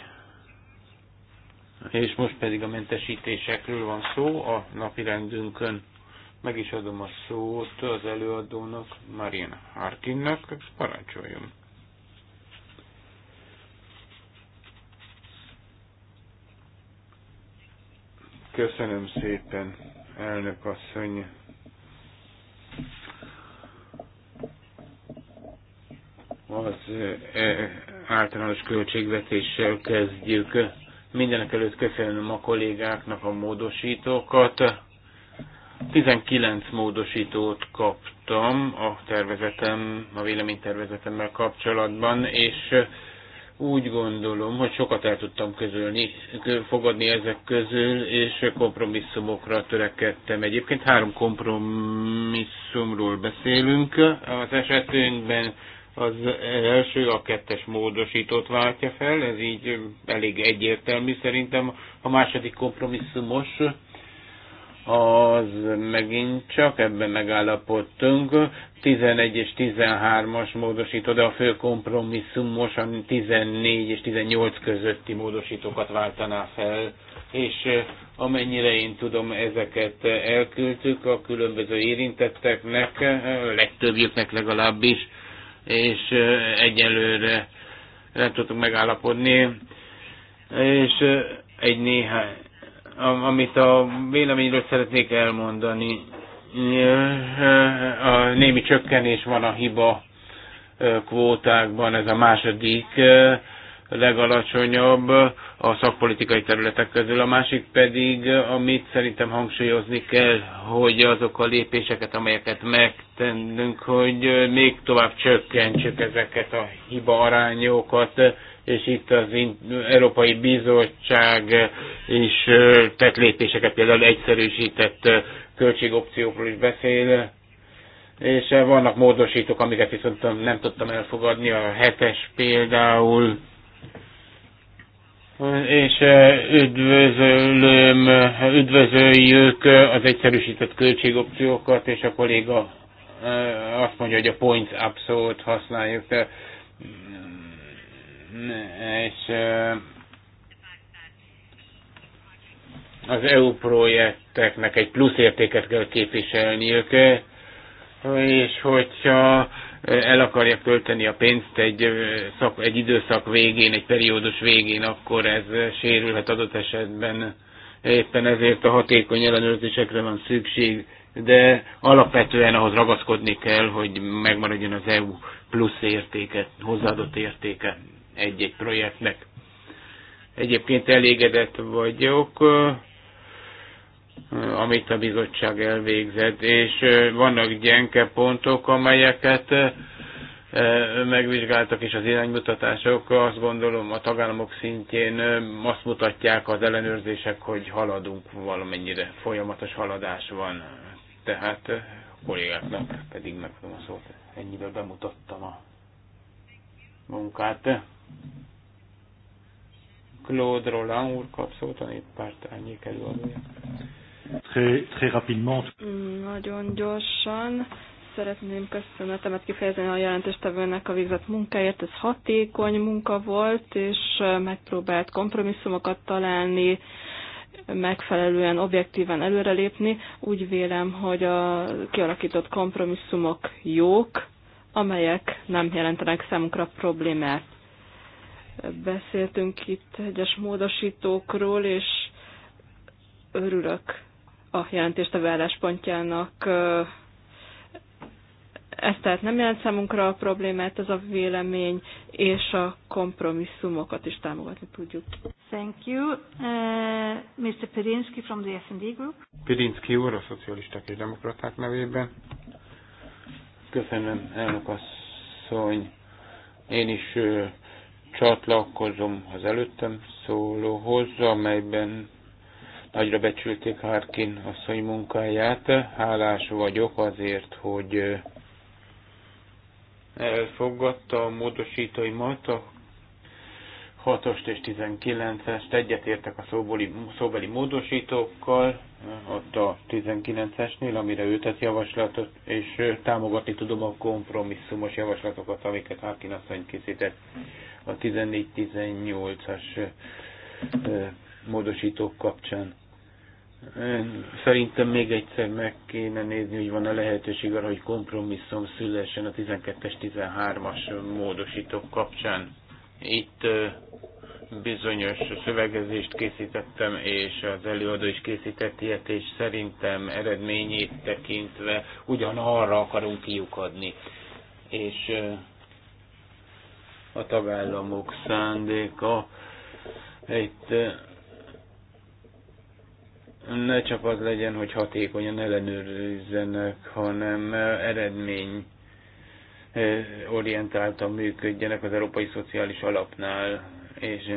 És most pedig a mentesítésekről van szó a napi rendünkön. Meg is adom a szót az előadónak, Marina Harkinnak, parancsoljon. Köszönöm szépen, elnök asszony. az általános költségvetéssel kezdjük. Mindenek előtt köszönöm a kollégáknak a módosítókat. 19 módosítót kaptam a tervezetem, a véleménytervezetemmel kapcsolatban, és úgy gondolom, hogy sokat el tudtam közölni, fogadni ezek közül, és kompromisszumokra törekedtem. Egyébként három kompromisszumról beszélünk. Az esetünkben az első, a kettes módosítót váltja fel, ez így elég egyértelmű szerintem. A második kompromisszumos, az megint csak ebben megállapodtunk. 11 és 13-as módosító, de a fő kompromisszumos, ami 14 és 18 közötti módosítókat váltaná fel, és eh, amennyire én tudom, ezeket elküldtük a különböző érintetteknek, eh, legtöbbjüknek legalábbis, és egyelőre nem tudtunk megállapodni, és egy néhány, amit a véleményről szeretnék elmondani, a némi csökkenés van a hiba kvótákban, ez a második legalacsonyabb a szakpolitikai területek közül. A másik pedig, amit szerintem hangsúlyozni kell, hogy azok a lépéseket, amelyeket megtennünk, hogy még tovább csökkentsük ezeket a hiba arányokat, és itt az Európai Bizottság is tett lépéseket, például egyszerűsített költségopciókról is beszél, és vannak módosítók, amiket viszont nem tudtam elfogadni, a hetes például és eh, üdvözlöm, üdvözöljük az egyszerűsített költségopciókat, és a kolléga eh, azt mondja, hogy a point abszolút használjuk, de és eh, az EU projekteknek egy plusz értéket kell képviselniük, és hogyha el akarja költeni a pénzt egy, szak, egy időszak végén, egy periódus végén, akkor ez sérülhet adott esetben. Éppen ezért a hatékony ellenőrzésekre van szükség, de alapvetően ahhoz ragaszkodni kell, hogy megmaradjon az EU plusz értéke, hozzáadott értéke egy-egy projektnek. Egyébként elégedett vagyok amit a bizottság elvégzett, és vannak gyenge pontok, amelyeket megvizsgáltak, és az iránymutatások azt gondolom a tagállamok szintjén azt mutatják az ellenőrzések, hogy haladunk valamennyire, folyamatos haladás van. Tehát kollégáknak pedig megadom a szót. Ennyivel bemutattam a munkát. Claude Roland úr kap szót, a néppárt árnyék előadója. Très, très rapidement. Mm, nagyon gyorsan szeretném köszönetemet kifejezni a jelentéstevőnek a végzett munkáért. Ez hatékony munka volt, és megpróbált kompromisszumokat találni, megfelelően, objektíven előrelépni. Úgy vélem, hogy a kialakított kompromisszumok jók, amelyek nem jelentenek számunkra problémát. Beszéltünk itt egyes módosítókról, és örülök a jelentéstevő álláspontjának. Ez tehát nem jelent számunkra a problémát, ez a vélemény, és a kompromisszumokat is támogatni tudjuk. Thank you. Uh, Mr. Pirinsky from the S&D Group. Pirinsky úr a Szocialisták és Demokraták nevében. Köszönöm, elnök asszony. Én is uh, csatlakozom az előttem szólóhoz, amelyben Nagyra becsülték Harkin asszony munkáját. Hálás vagyok azért, hogy elfogadta a módosítóimat, a 6-ost és 19-est egyetértek a szóbeli, szóbeli módosítókkal, ott a 19-esnél, amire ő tett javaslatot, és támogatni tudom a kompromisszumos javaslatokat, amiket Harkin asszony készített a 14-18-as módosítók kapcsán. Szerintem még egyszer meg kéne nézni, hogy van-e lehetőség arra, hogy kompromisszum szülessen a 12-es, 13-as módosítók kapcsán. Itt bizonyos szövegezést készítettem, és az előadó is készített ilyet, és szerintem eredményét tekintve ugyanarra akarunk kiukadni. És a tagállamok szándéka itt ne csak az legyen, hogy hatékonyan ellenőrizzenek, hanem eh, eredmény eh, orientáltan működjenek az Európai Szociális Alapnál, és,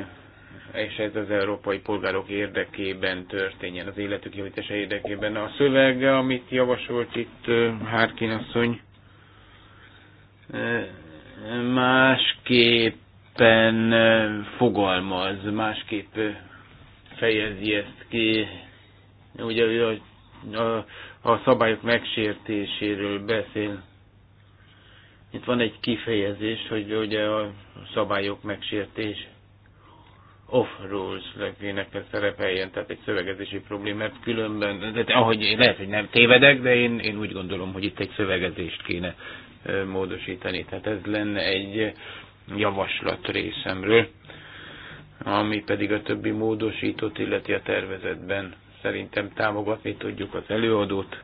és ez az európai polgárok érdekében történjen, az életük javítása érdekében. A szövege, amit javasolt itt Hárkin eh, asszony, másképpen fogalmaz, másképp fejezi ezt ki, Ugye a, a, a szabályok megsértéséről beszél. Itt van egy kifejezés, hogy ugye a szabályok megsértés off rules legének szerepeljen, tehát egy szövegezési probléma, mert különben, de ahogy lehet, hogy nem tévedek, de én, én úgy gondolom, hogy itt egy szövegezést kéne módosítani. Tehát ez lenne egy javaslat részemről, ami pedig a többi módosított, illeti a tervezetben Szerintem támogatni tudjuk az előadót.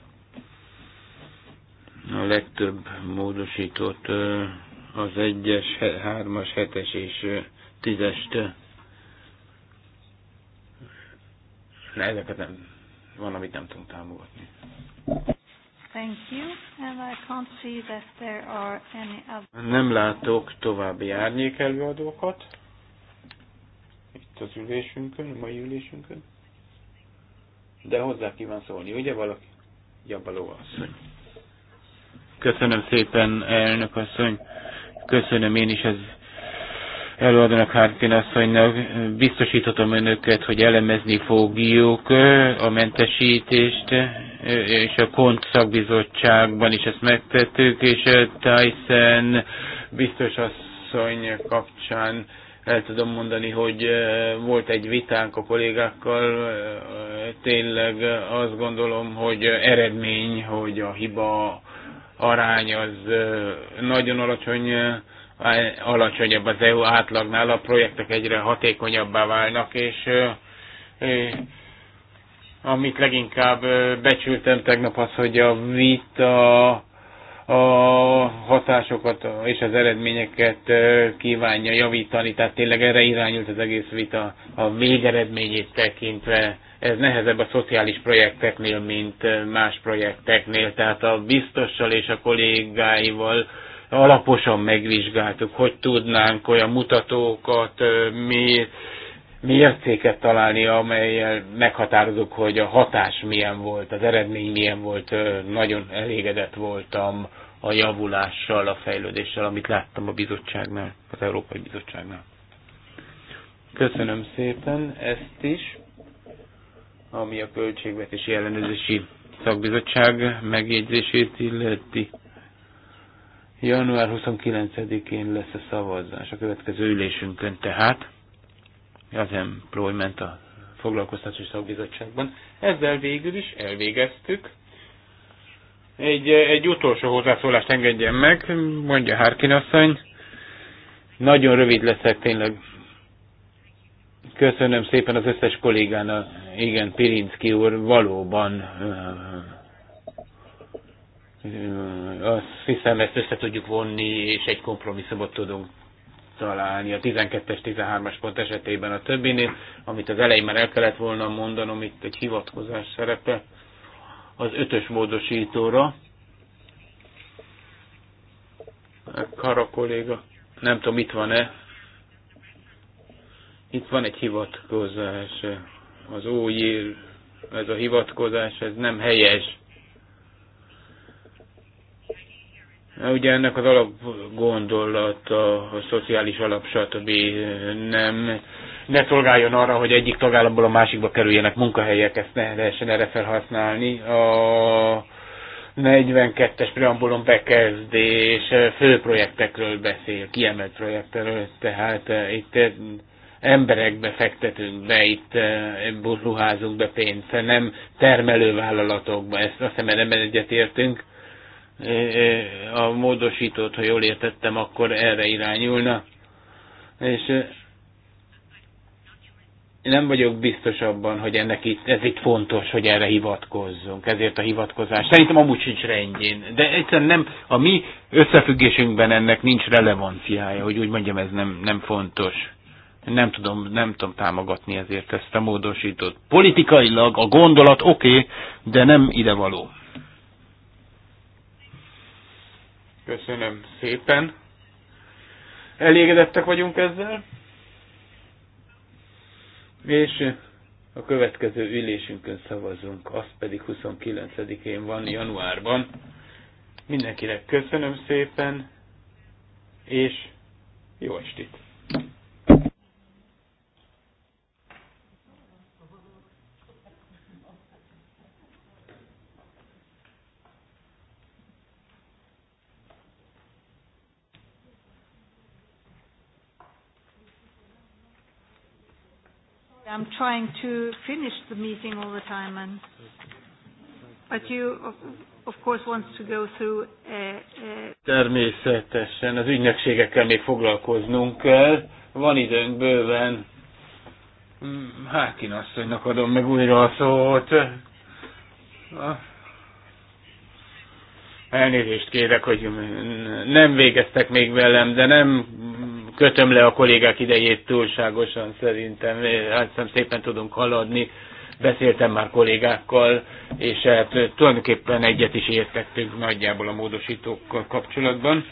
A legtöbb módosított az 1-es, 3-as, 7-es és 10-est. Ezeket nem, van, amit nem tudunk támogatni. Thank you. And I can't see that there are any other... Nem látok további árnyék előadókat itt az ülésünkön, a mai ülésünkön de hozzá kíván szólni, ugye valaki? Jabbaló asszony. Köszönöm szépen, elnök asszony. Köszönöm én is az előadónak Hárkin asszonynak. Biztosítatom önöket, hogy elemezni fogjuk a mentesítést, és a KONT szakbizottságban is ezt megtettük, és Tyson biztos asszony kapcsán el tudom mondani, hogy eh, volt egy vitánk a kollégákkal, eh, tényleg azt gondolom, hogy eredmény, hogy a hiba arány az eh, nagyon alacsony, alacsonyabb az EU átlagnál, a projektek egyre hatékonyabbá válnak, és amit leginkább becsültem tegnap az, hogy a vita a hatásokat és az eredményeket kívánja javítani, tehát tényleg erre irányult az egész vita a végeredményét tekintve. Ez nehezebb a szociális projekteknél, mint más projekteknél, tehát a biztossal és a kollégáival alaposan megvizsgáltuk, hogy tudnánk olyan mutatókat, mi mércéket találni, amelyel meghatározunk, hogy a hatás milyen volt, az eredmény milyen volt, nagyon elégedett voltam a javulással, a fejlődéssel, amit láttam a bizottságnál, az Európai Bizottságnál. Köszönöm szépen ezt is, ami a Költségvetési Ellenőrzési Szakbizottság megjegyzését illeti. Január 29-én lesz a szavazás a következő ülésünkön tehát, az Employment a foglalkoztatási szakbizottságban. Ezzel végül is elvégeztük egy, egy utolsó hozzászólást engedjen meg, mondja Harkin asszony. Nagyon rövid leszek tényleg. Köszönöm szépen az összes kollégának. Igen, Pirinski úr valóban azt hiszem ezt össze tudjuk vonni, és egy kompromisszumot tudunk találni a 12-es, 13-as pont esetében a többinél, amit az elején már el kellett volna mondanom, itt egy hivatkozás szerepe az ötös módosítóra. Kara kolléga, nem tudom, itt van-e. Itt van egy hivatkozás. Az ójér, ez a hivatkozás, ez nem helyes. Ugye ennek az alapgondolata, a szociális alap, stb. nem ne szolgáljon arra, hogy egyik tagállamból a másikba kerüljenek munkahelyek, ezt ne lehessen erre felhasználni. A 42-es preambulum bekezdés főprojektekről beszél, kiemelt projektekről, tehát eh, itt eh, emberekbe fektetünk be, itt ruházunk eh, be pénzt, nem termelővállalatokba, ezt azt hiszem nem egyetértünk. E, e, a módosítót, ha jól értettem, akkor erre irányulna. És e, nem vagyok biztos abban, hogy ennek itt, ez itt fontos, hogy erre hivatkozzunk, ezért a hivatkozás. Szerintem amúgy sincs rendjén, de egyszerűen nem, a mi összefüggésünkben ennek nincs relevanciája, hogy úgy mondjam, ez nem, nem fontos. Nem tudom, nem tudom támogatni ezért ezt a módosítót. Politikailag a gondolat oké, okay, de nem idevaló. Köszönöm szépen. Elégedettek vagyunk ezzel. És a következő ülésünkön szavazunk, az pedig 29-én van, januárban. Mindenkinek köszönöm szépen, és jó estét! I'm trying to finish the meeting all the time, and but you of, of course want to go through. Uh, uh... Természetesen az ügynökségekkel még foglalkoznunk kell. Van időnk bőven. Hmm, Hákin asszonynak adom meg újra a szót. Elnézést kérek, hogy nem végeztek még velem, de nem kötöm le a kollégák idejét túlságosan szerintem, hát hiszem szépen tudunk haladni. Beszéltem már kollégákkal, és hát eh, tulajdonképpen egyet is értettünk nagyjából a módosítókkal kapcsolatban.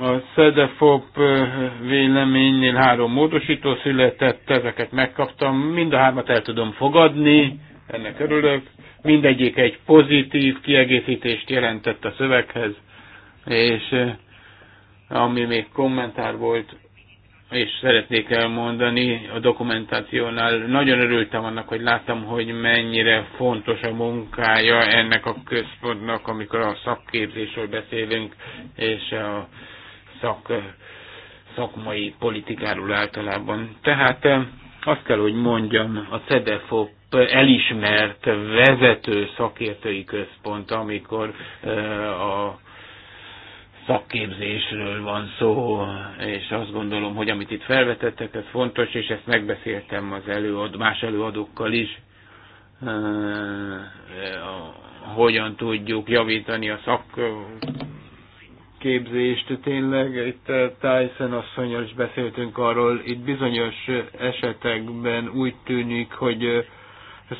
A SZEDEFOP eh, véleménynél három módosító született, ezeket megkaptam, mind a hármat el tudom fogadni, ennek örülök. Mindegyik egy pozitív kiegészítést jelentett a szöveghez és ami még kommentár volt, és szeretnék elmondani a dokumentációnál, nagyon örültem annak, hogy láttam, hogy mennyire fontos a munkája ennek a központnak, amikor a szakképzésről beszélünk, és a szak, szakmai politikáról általában. Tehát azt kell, hogy mondjam, a CEDEFOP elismert vezető szakértői központ, amikor a szakképzésről van szó, és azt gondolom, hogy amit itt felvetettek, ez fontos, és ezt megbeszéltem az előad, más előadókkal is, hogyan tudjuk javítani a szakképzést. Tényleg itt Tyson asszonyos beszéltünk arról, itt bizonyos esetekben úgy tűnik, hogy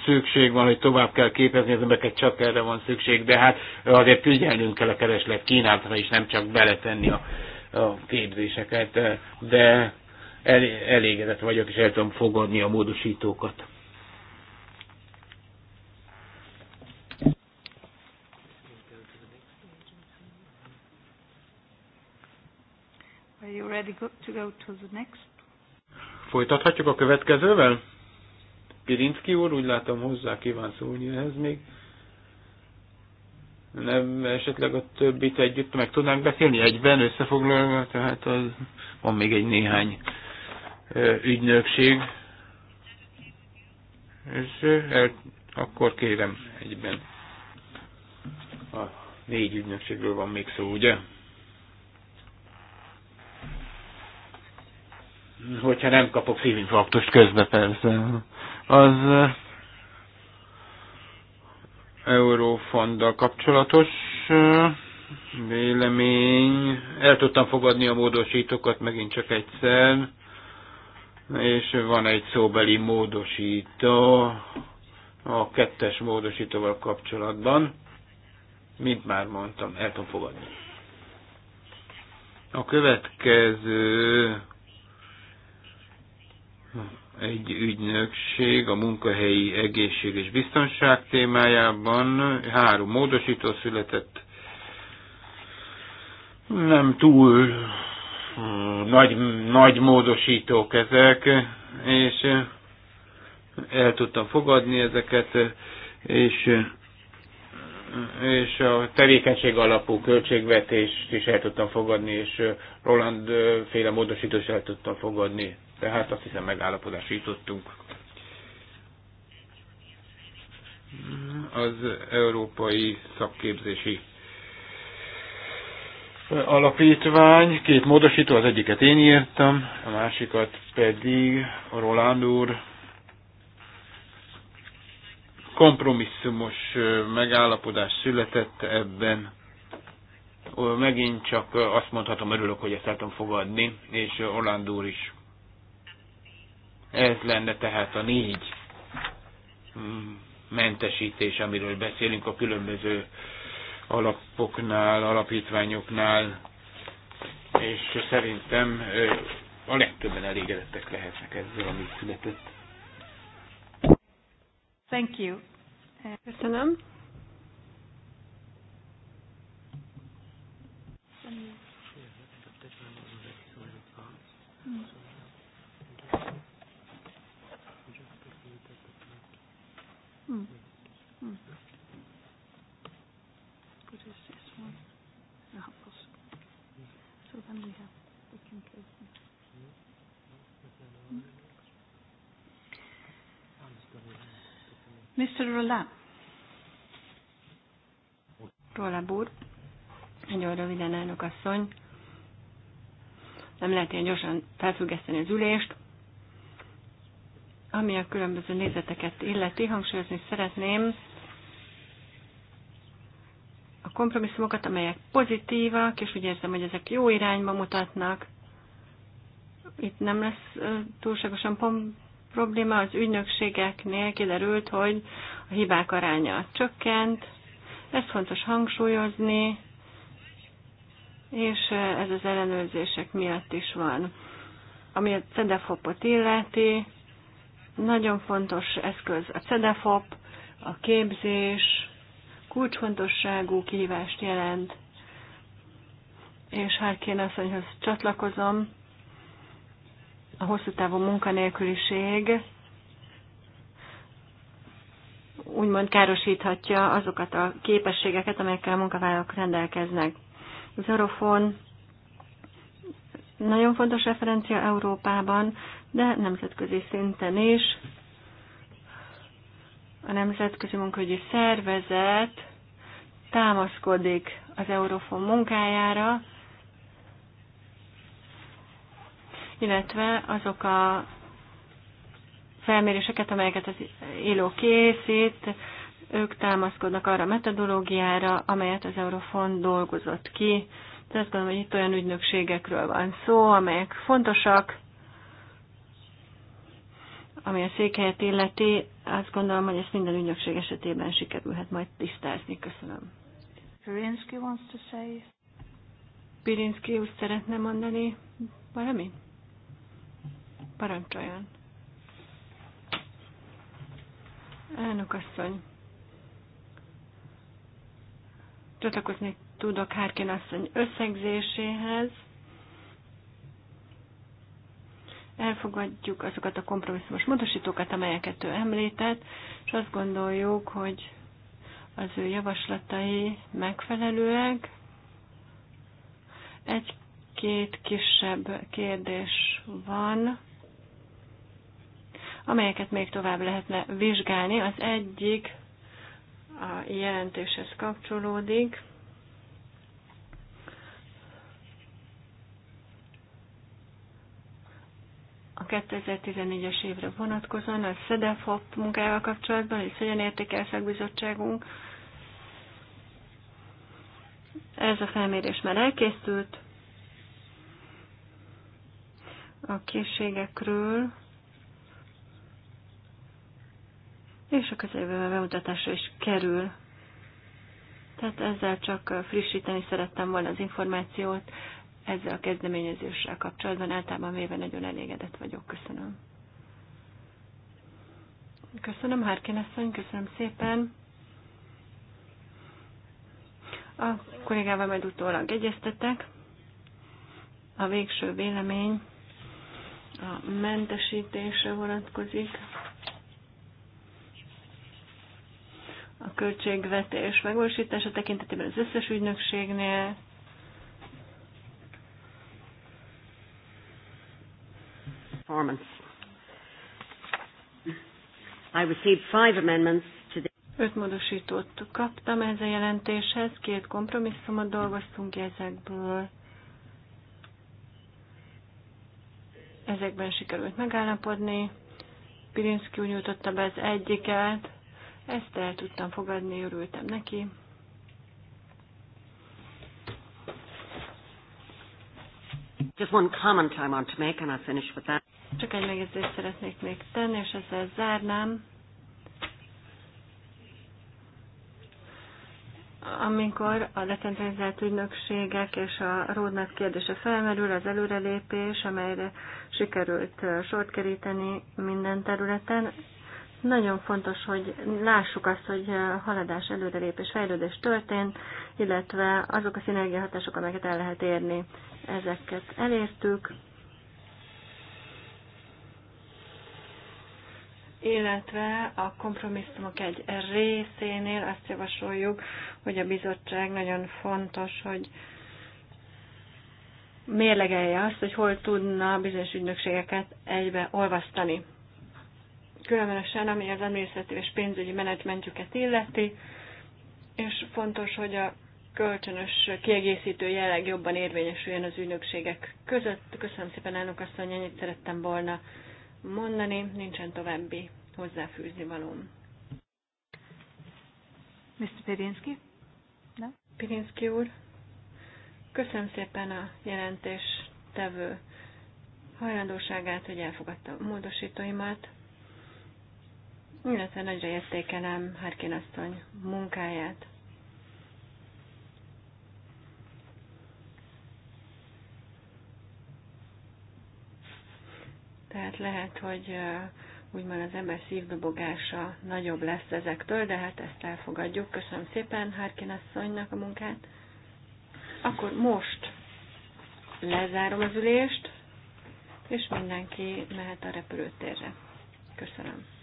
szükség van, hogy tovább kell képezni az embereket, csak erre van szükség, de hát azért figyelnünk kell a kereslet kínálatra is, nem csak beletenni a, a képzéseket, de el, elégedett vagyok, és el tudom fogadni a módosítókat. Are you ready to go to the next? Folytathatjuk a következővel? Pirinski úr, úgy látom hozzá kíván szólni ehhez még. Nem, esetleg a többit együtt meg tudnánk beszélni egyben összefoglalva, tehát az, van még egy néhány ügynökség. És el, akkor kérem egyben. A négy ügynökségről van még szó, ugye? Hogyha nem kapok szívinfarktust közben, persze az Eurofonddal kapcsolatos vélemény. El tudtam fogadni a módosítókat megint csak egyszer, és van egy szóbeli módosító a kettes módosítóval kapcsolatban. Mint már mondtam, el tudom fogadni. A következő egy ügynökség a munkahelyi egészség és biztonság témájában. Három módosító született. Nem túl mm, nagy, nagy módosítók ezek, és el tudtam fogadni ezeket, és, és a tevékenység alapú költségvetést is el tudtam fogadni, és Roland féle módosítót el tudtam fogadni. Tehát azt hiszem megállapodásra jutottunk. Az Európai Szakképzési Alapítvány, két módosító, az egyiket én írtam, a másikat pedig a Roland úr kompromisszumos megállapodás született ebben. Megint csak azt mondhatom, örülök, hogy ezt el tudom fogadni, és Roland úr is ez lenne tehát a négy mm, mentesítés, amiről beszélünk a különböző alapoknál, alapítványoknál, és szerintem a legtöbben elégedettek lehetnek ezzel, amit született. Thank you. Köszönöm. Mm. Mr. Roland. Roland úr. Nagyon röviden, elnök asszony. Nem lehet ilyen gyorsan felfüggeszteni az ülést. Ami a különböző nézeteket illeti, hangsúlyozni szeretném a kompromisszumokat, amelyek pozitívak, és úgy érzem, hogy ezek jó irányba mutatnak. Itt nem lesz túlságosan probléma. Az ügynökségeknél kiderült, hogy a hibák aránya csökkent, Ez fontos hangsúlyozni, és ez az ellenőrzések miatt is van. Ami a CEDEFOP-ot illeti, nagyon fontos eszköz a CEDEFOP, a képzés, kulcsfontosságú kihívást jelent, és Harkén asszonyhoz csatlakozom, a hosszú távú munkanélküliség úgymond károsíthatja azokat a képességeket, amelyekkel a munkavállalók rendelkeznek. Az Eurofon nagyon fontos referencia Európában, de nemzetközi szinten is. A Nemzetközi Munkahogyi Szervezet támaszkodik az Eurofon munkájára, illetve azok a felméréseket, amelyeket az ILO készít, ők támaszkodnak arra a metodológiára, amelyet az Eurofond dolgozott ki. De azt gondolom, hogy itt olyan ügynökségekről van szó, amelyek fontosak, ami a székhelyet illeti, azt gondolom, hogy ezt minden ügynökség esetében sikerülhet majd tisztázni. Köszönöm. Pirinski wants to say. Pirinski úgy szeretne mondani valami? Parancsoljon. Elnök asszony. Csatlakozni tudok Hárkén asszony összegzéséhez. Elfogadjuk azokat a kompromisszumos módosítókat, amelyeket ő említett, és azt gondoljuk, hogy az ő javaslatai megfelelőek. Egy-két kisebb kérdés van, amelyeket még tovább lehetne vizsgálni. Az egyik a jelentéshez kapcsolódik. A 2014-es évre vonatkozóan a SZEDEFOP munkájával kapcsolatban, és hogyan értékel szakbizottságunk. Ez a felmérés már elkészült. A készségekről és a közeljövőben bemutatásra is kerül. Tehát ezzel csak uh, frissíteni szerettem volna az információt ezzel a kezdeményezéssel kapcsolatban. Általában véve nagyon elégedett vagyok. Köszönöm. Köszönöm, Harkin asszony, köszönöm szépen. A kollégával majd utólag egyeztetek. A végső vélemény a mentesítésre vonatkozik. a költségvetés megvalósítása tekintetében az összes ügynökségnél. I received five amendments to the... Öt módosítót kaptam ez a jelentéshez, két kompromisszumot dolgoztunk ki ezekből. Ezekben sikerült megállapodni. Pirinski úgy nyújtotta be az egyiket, ezt el tudtam fogadni, örültem neki. Just one comment I want to make, and I'll finish with that. Csak egy megjegyzést szeretnék még tenni, és ezzel zárnám. Amikor a decentralizált ügynökségek és a roadmap kérdése felmerül, az előrelépés, amelyre sikerült uh, sort keríteni minden területen, nagyon fontos, hogy lássuk azt, hogy eh, haladás, előrelépés, fejlődés történt, illetve azok a szinergiahatások, amelyeket el lehet érni, ezeket elértük. illetve a kompromisszumok egy részénél azt javasoljuk, hogy a bizottság nagyon fontos, hogy mérlegelje azt, hogy hol tudna bizonyos ügynökségeket egybe olvasztani különösen ami az emészeti és pénzügyi menedzsmentjüket illeti, és fontos, hogy a kölcsönös kiegészítő jelleg jobban érvényesüljön az ügynökségek között. Köszönöm szépen, elnök asszony, ennyit szerettem volna mondani, nincsen további hozzáfűzni valóm. Mr. Pirinski? Na? Pirinski úr? Köszönöm szépen a jelentés tevő hajlandóságát, hogy elfogadta a módosítóimat illetve nagyra értékelem Harkin asszony munkáját. Tehát lehet, hogy úgymond az ember szívdobogása nagyobb lesz ezektől, de hát ezt elfogadjuk. Köszönöm szépen Harkin asszonynak a munkát. Akkor most lezárom az ülést, és mindenki mehet a repülőtérre. Köszönöm.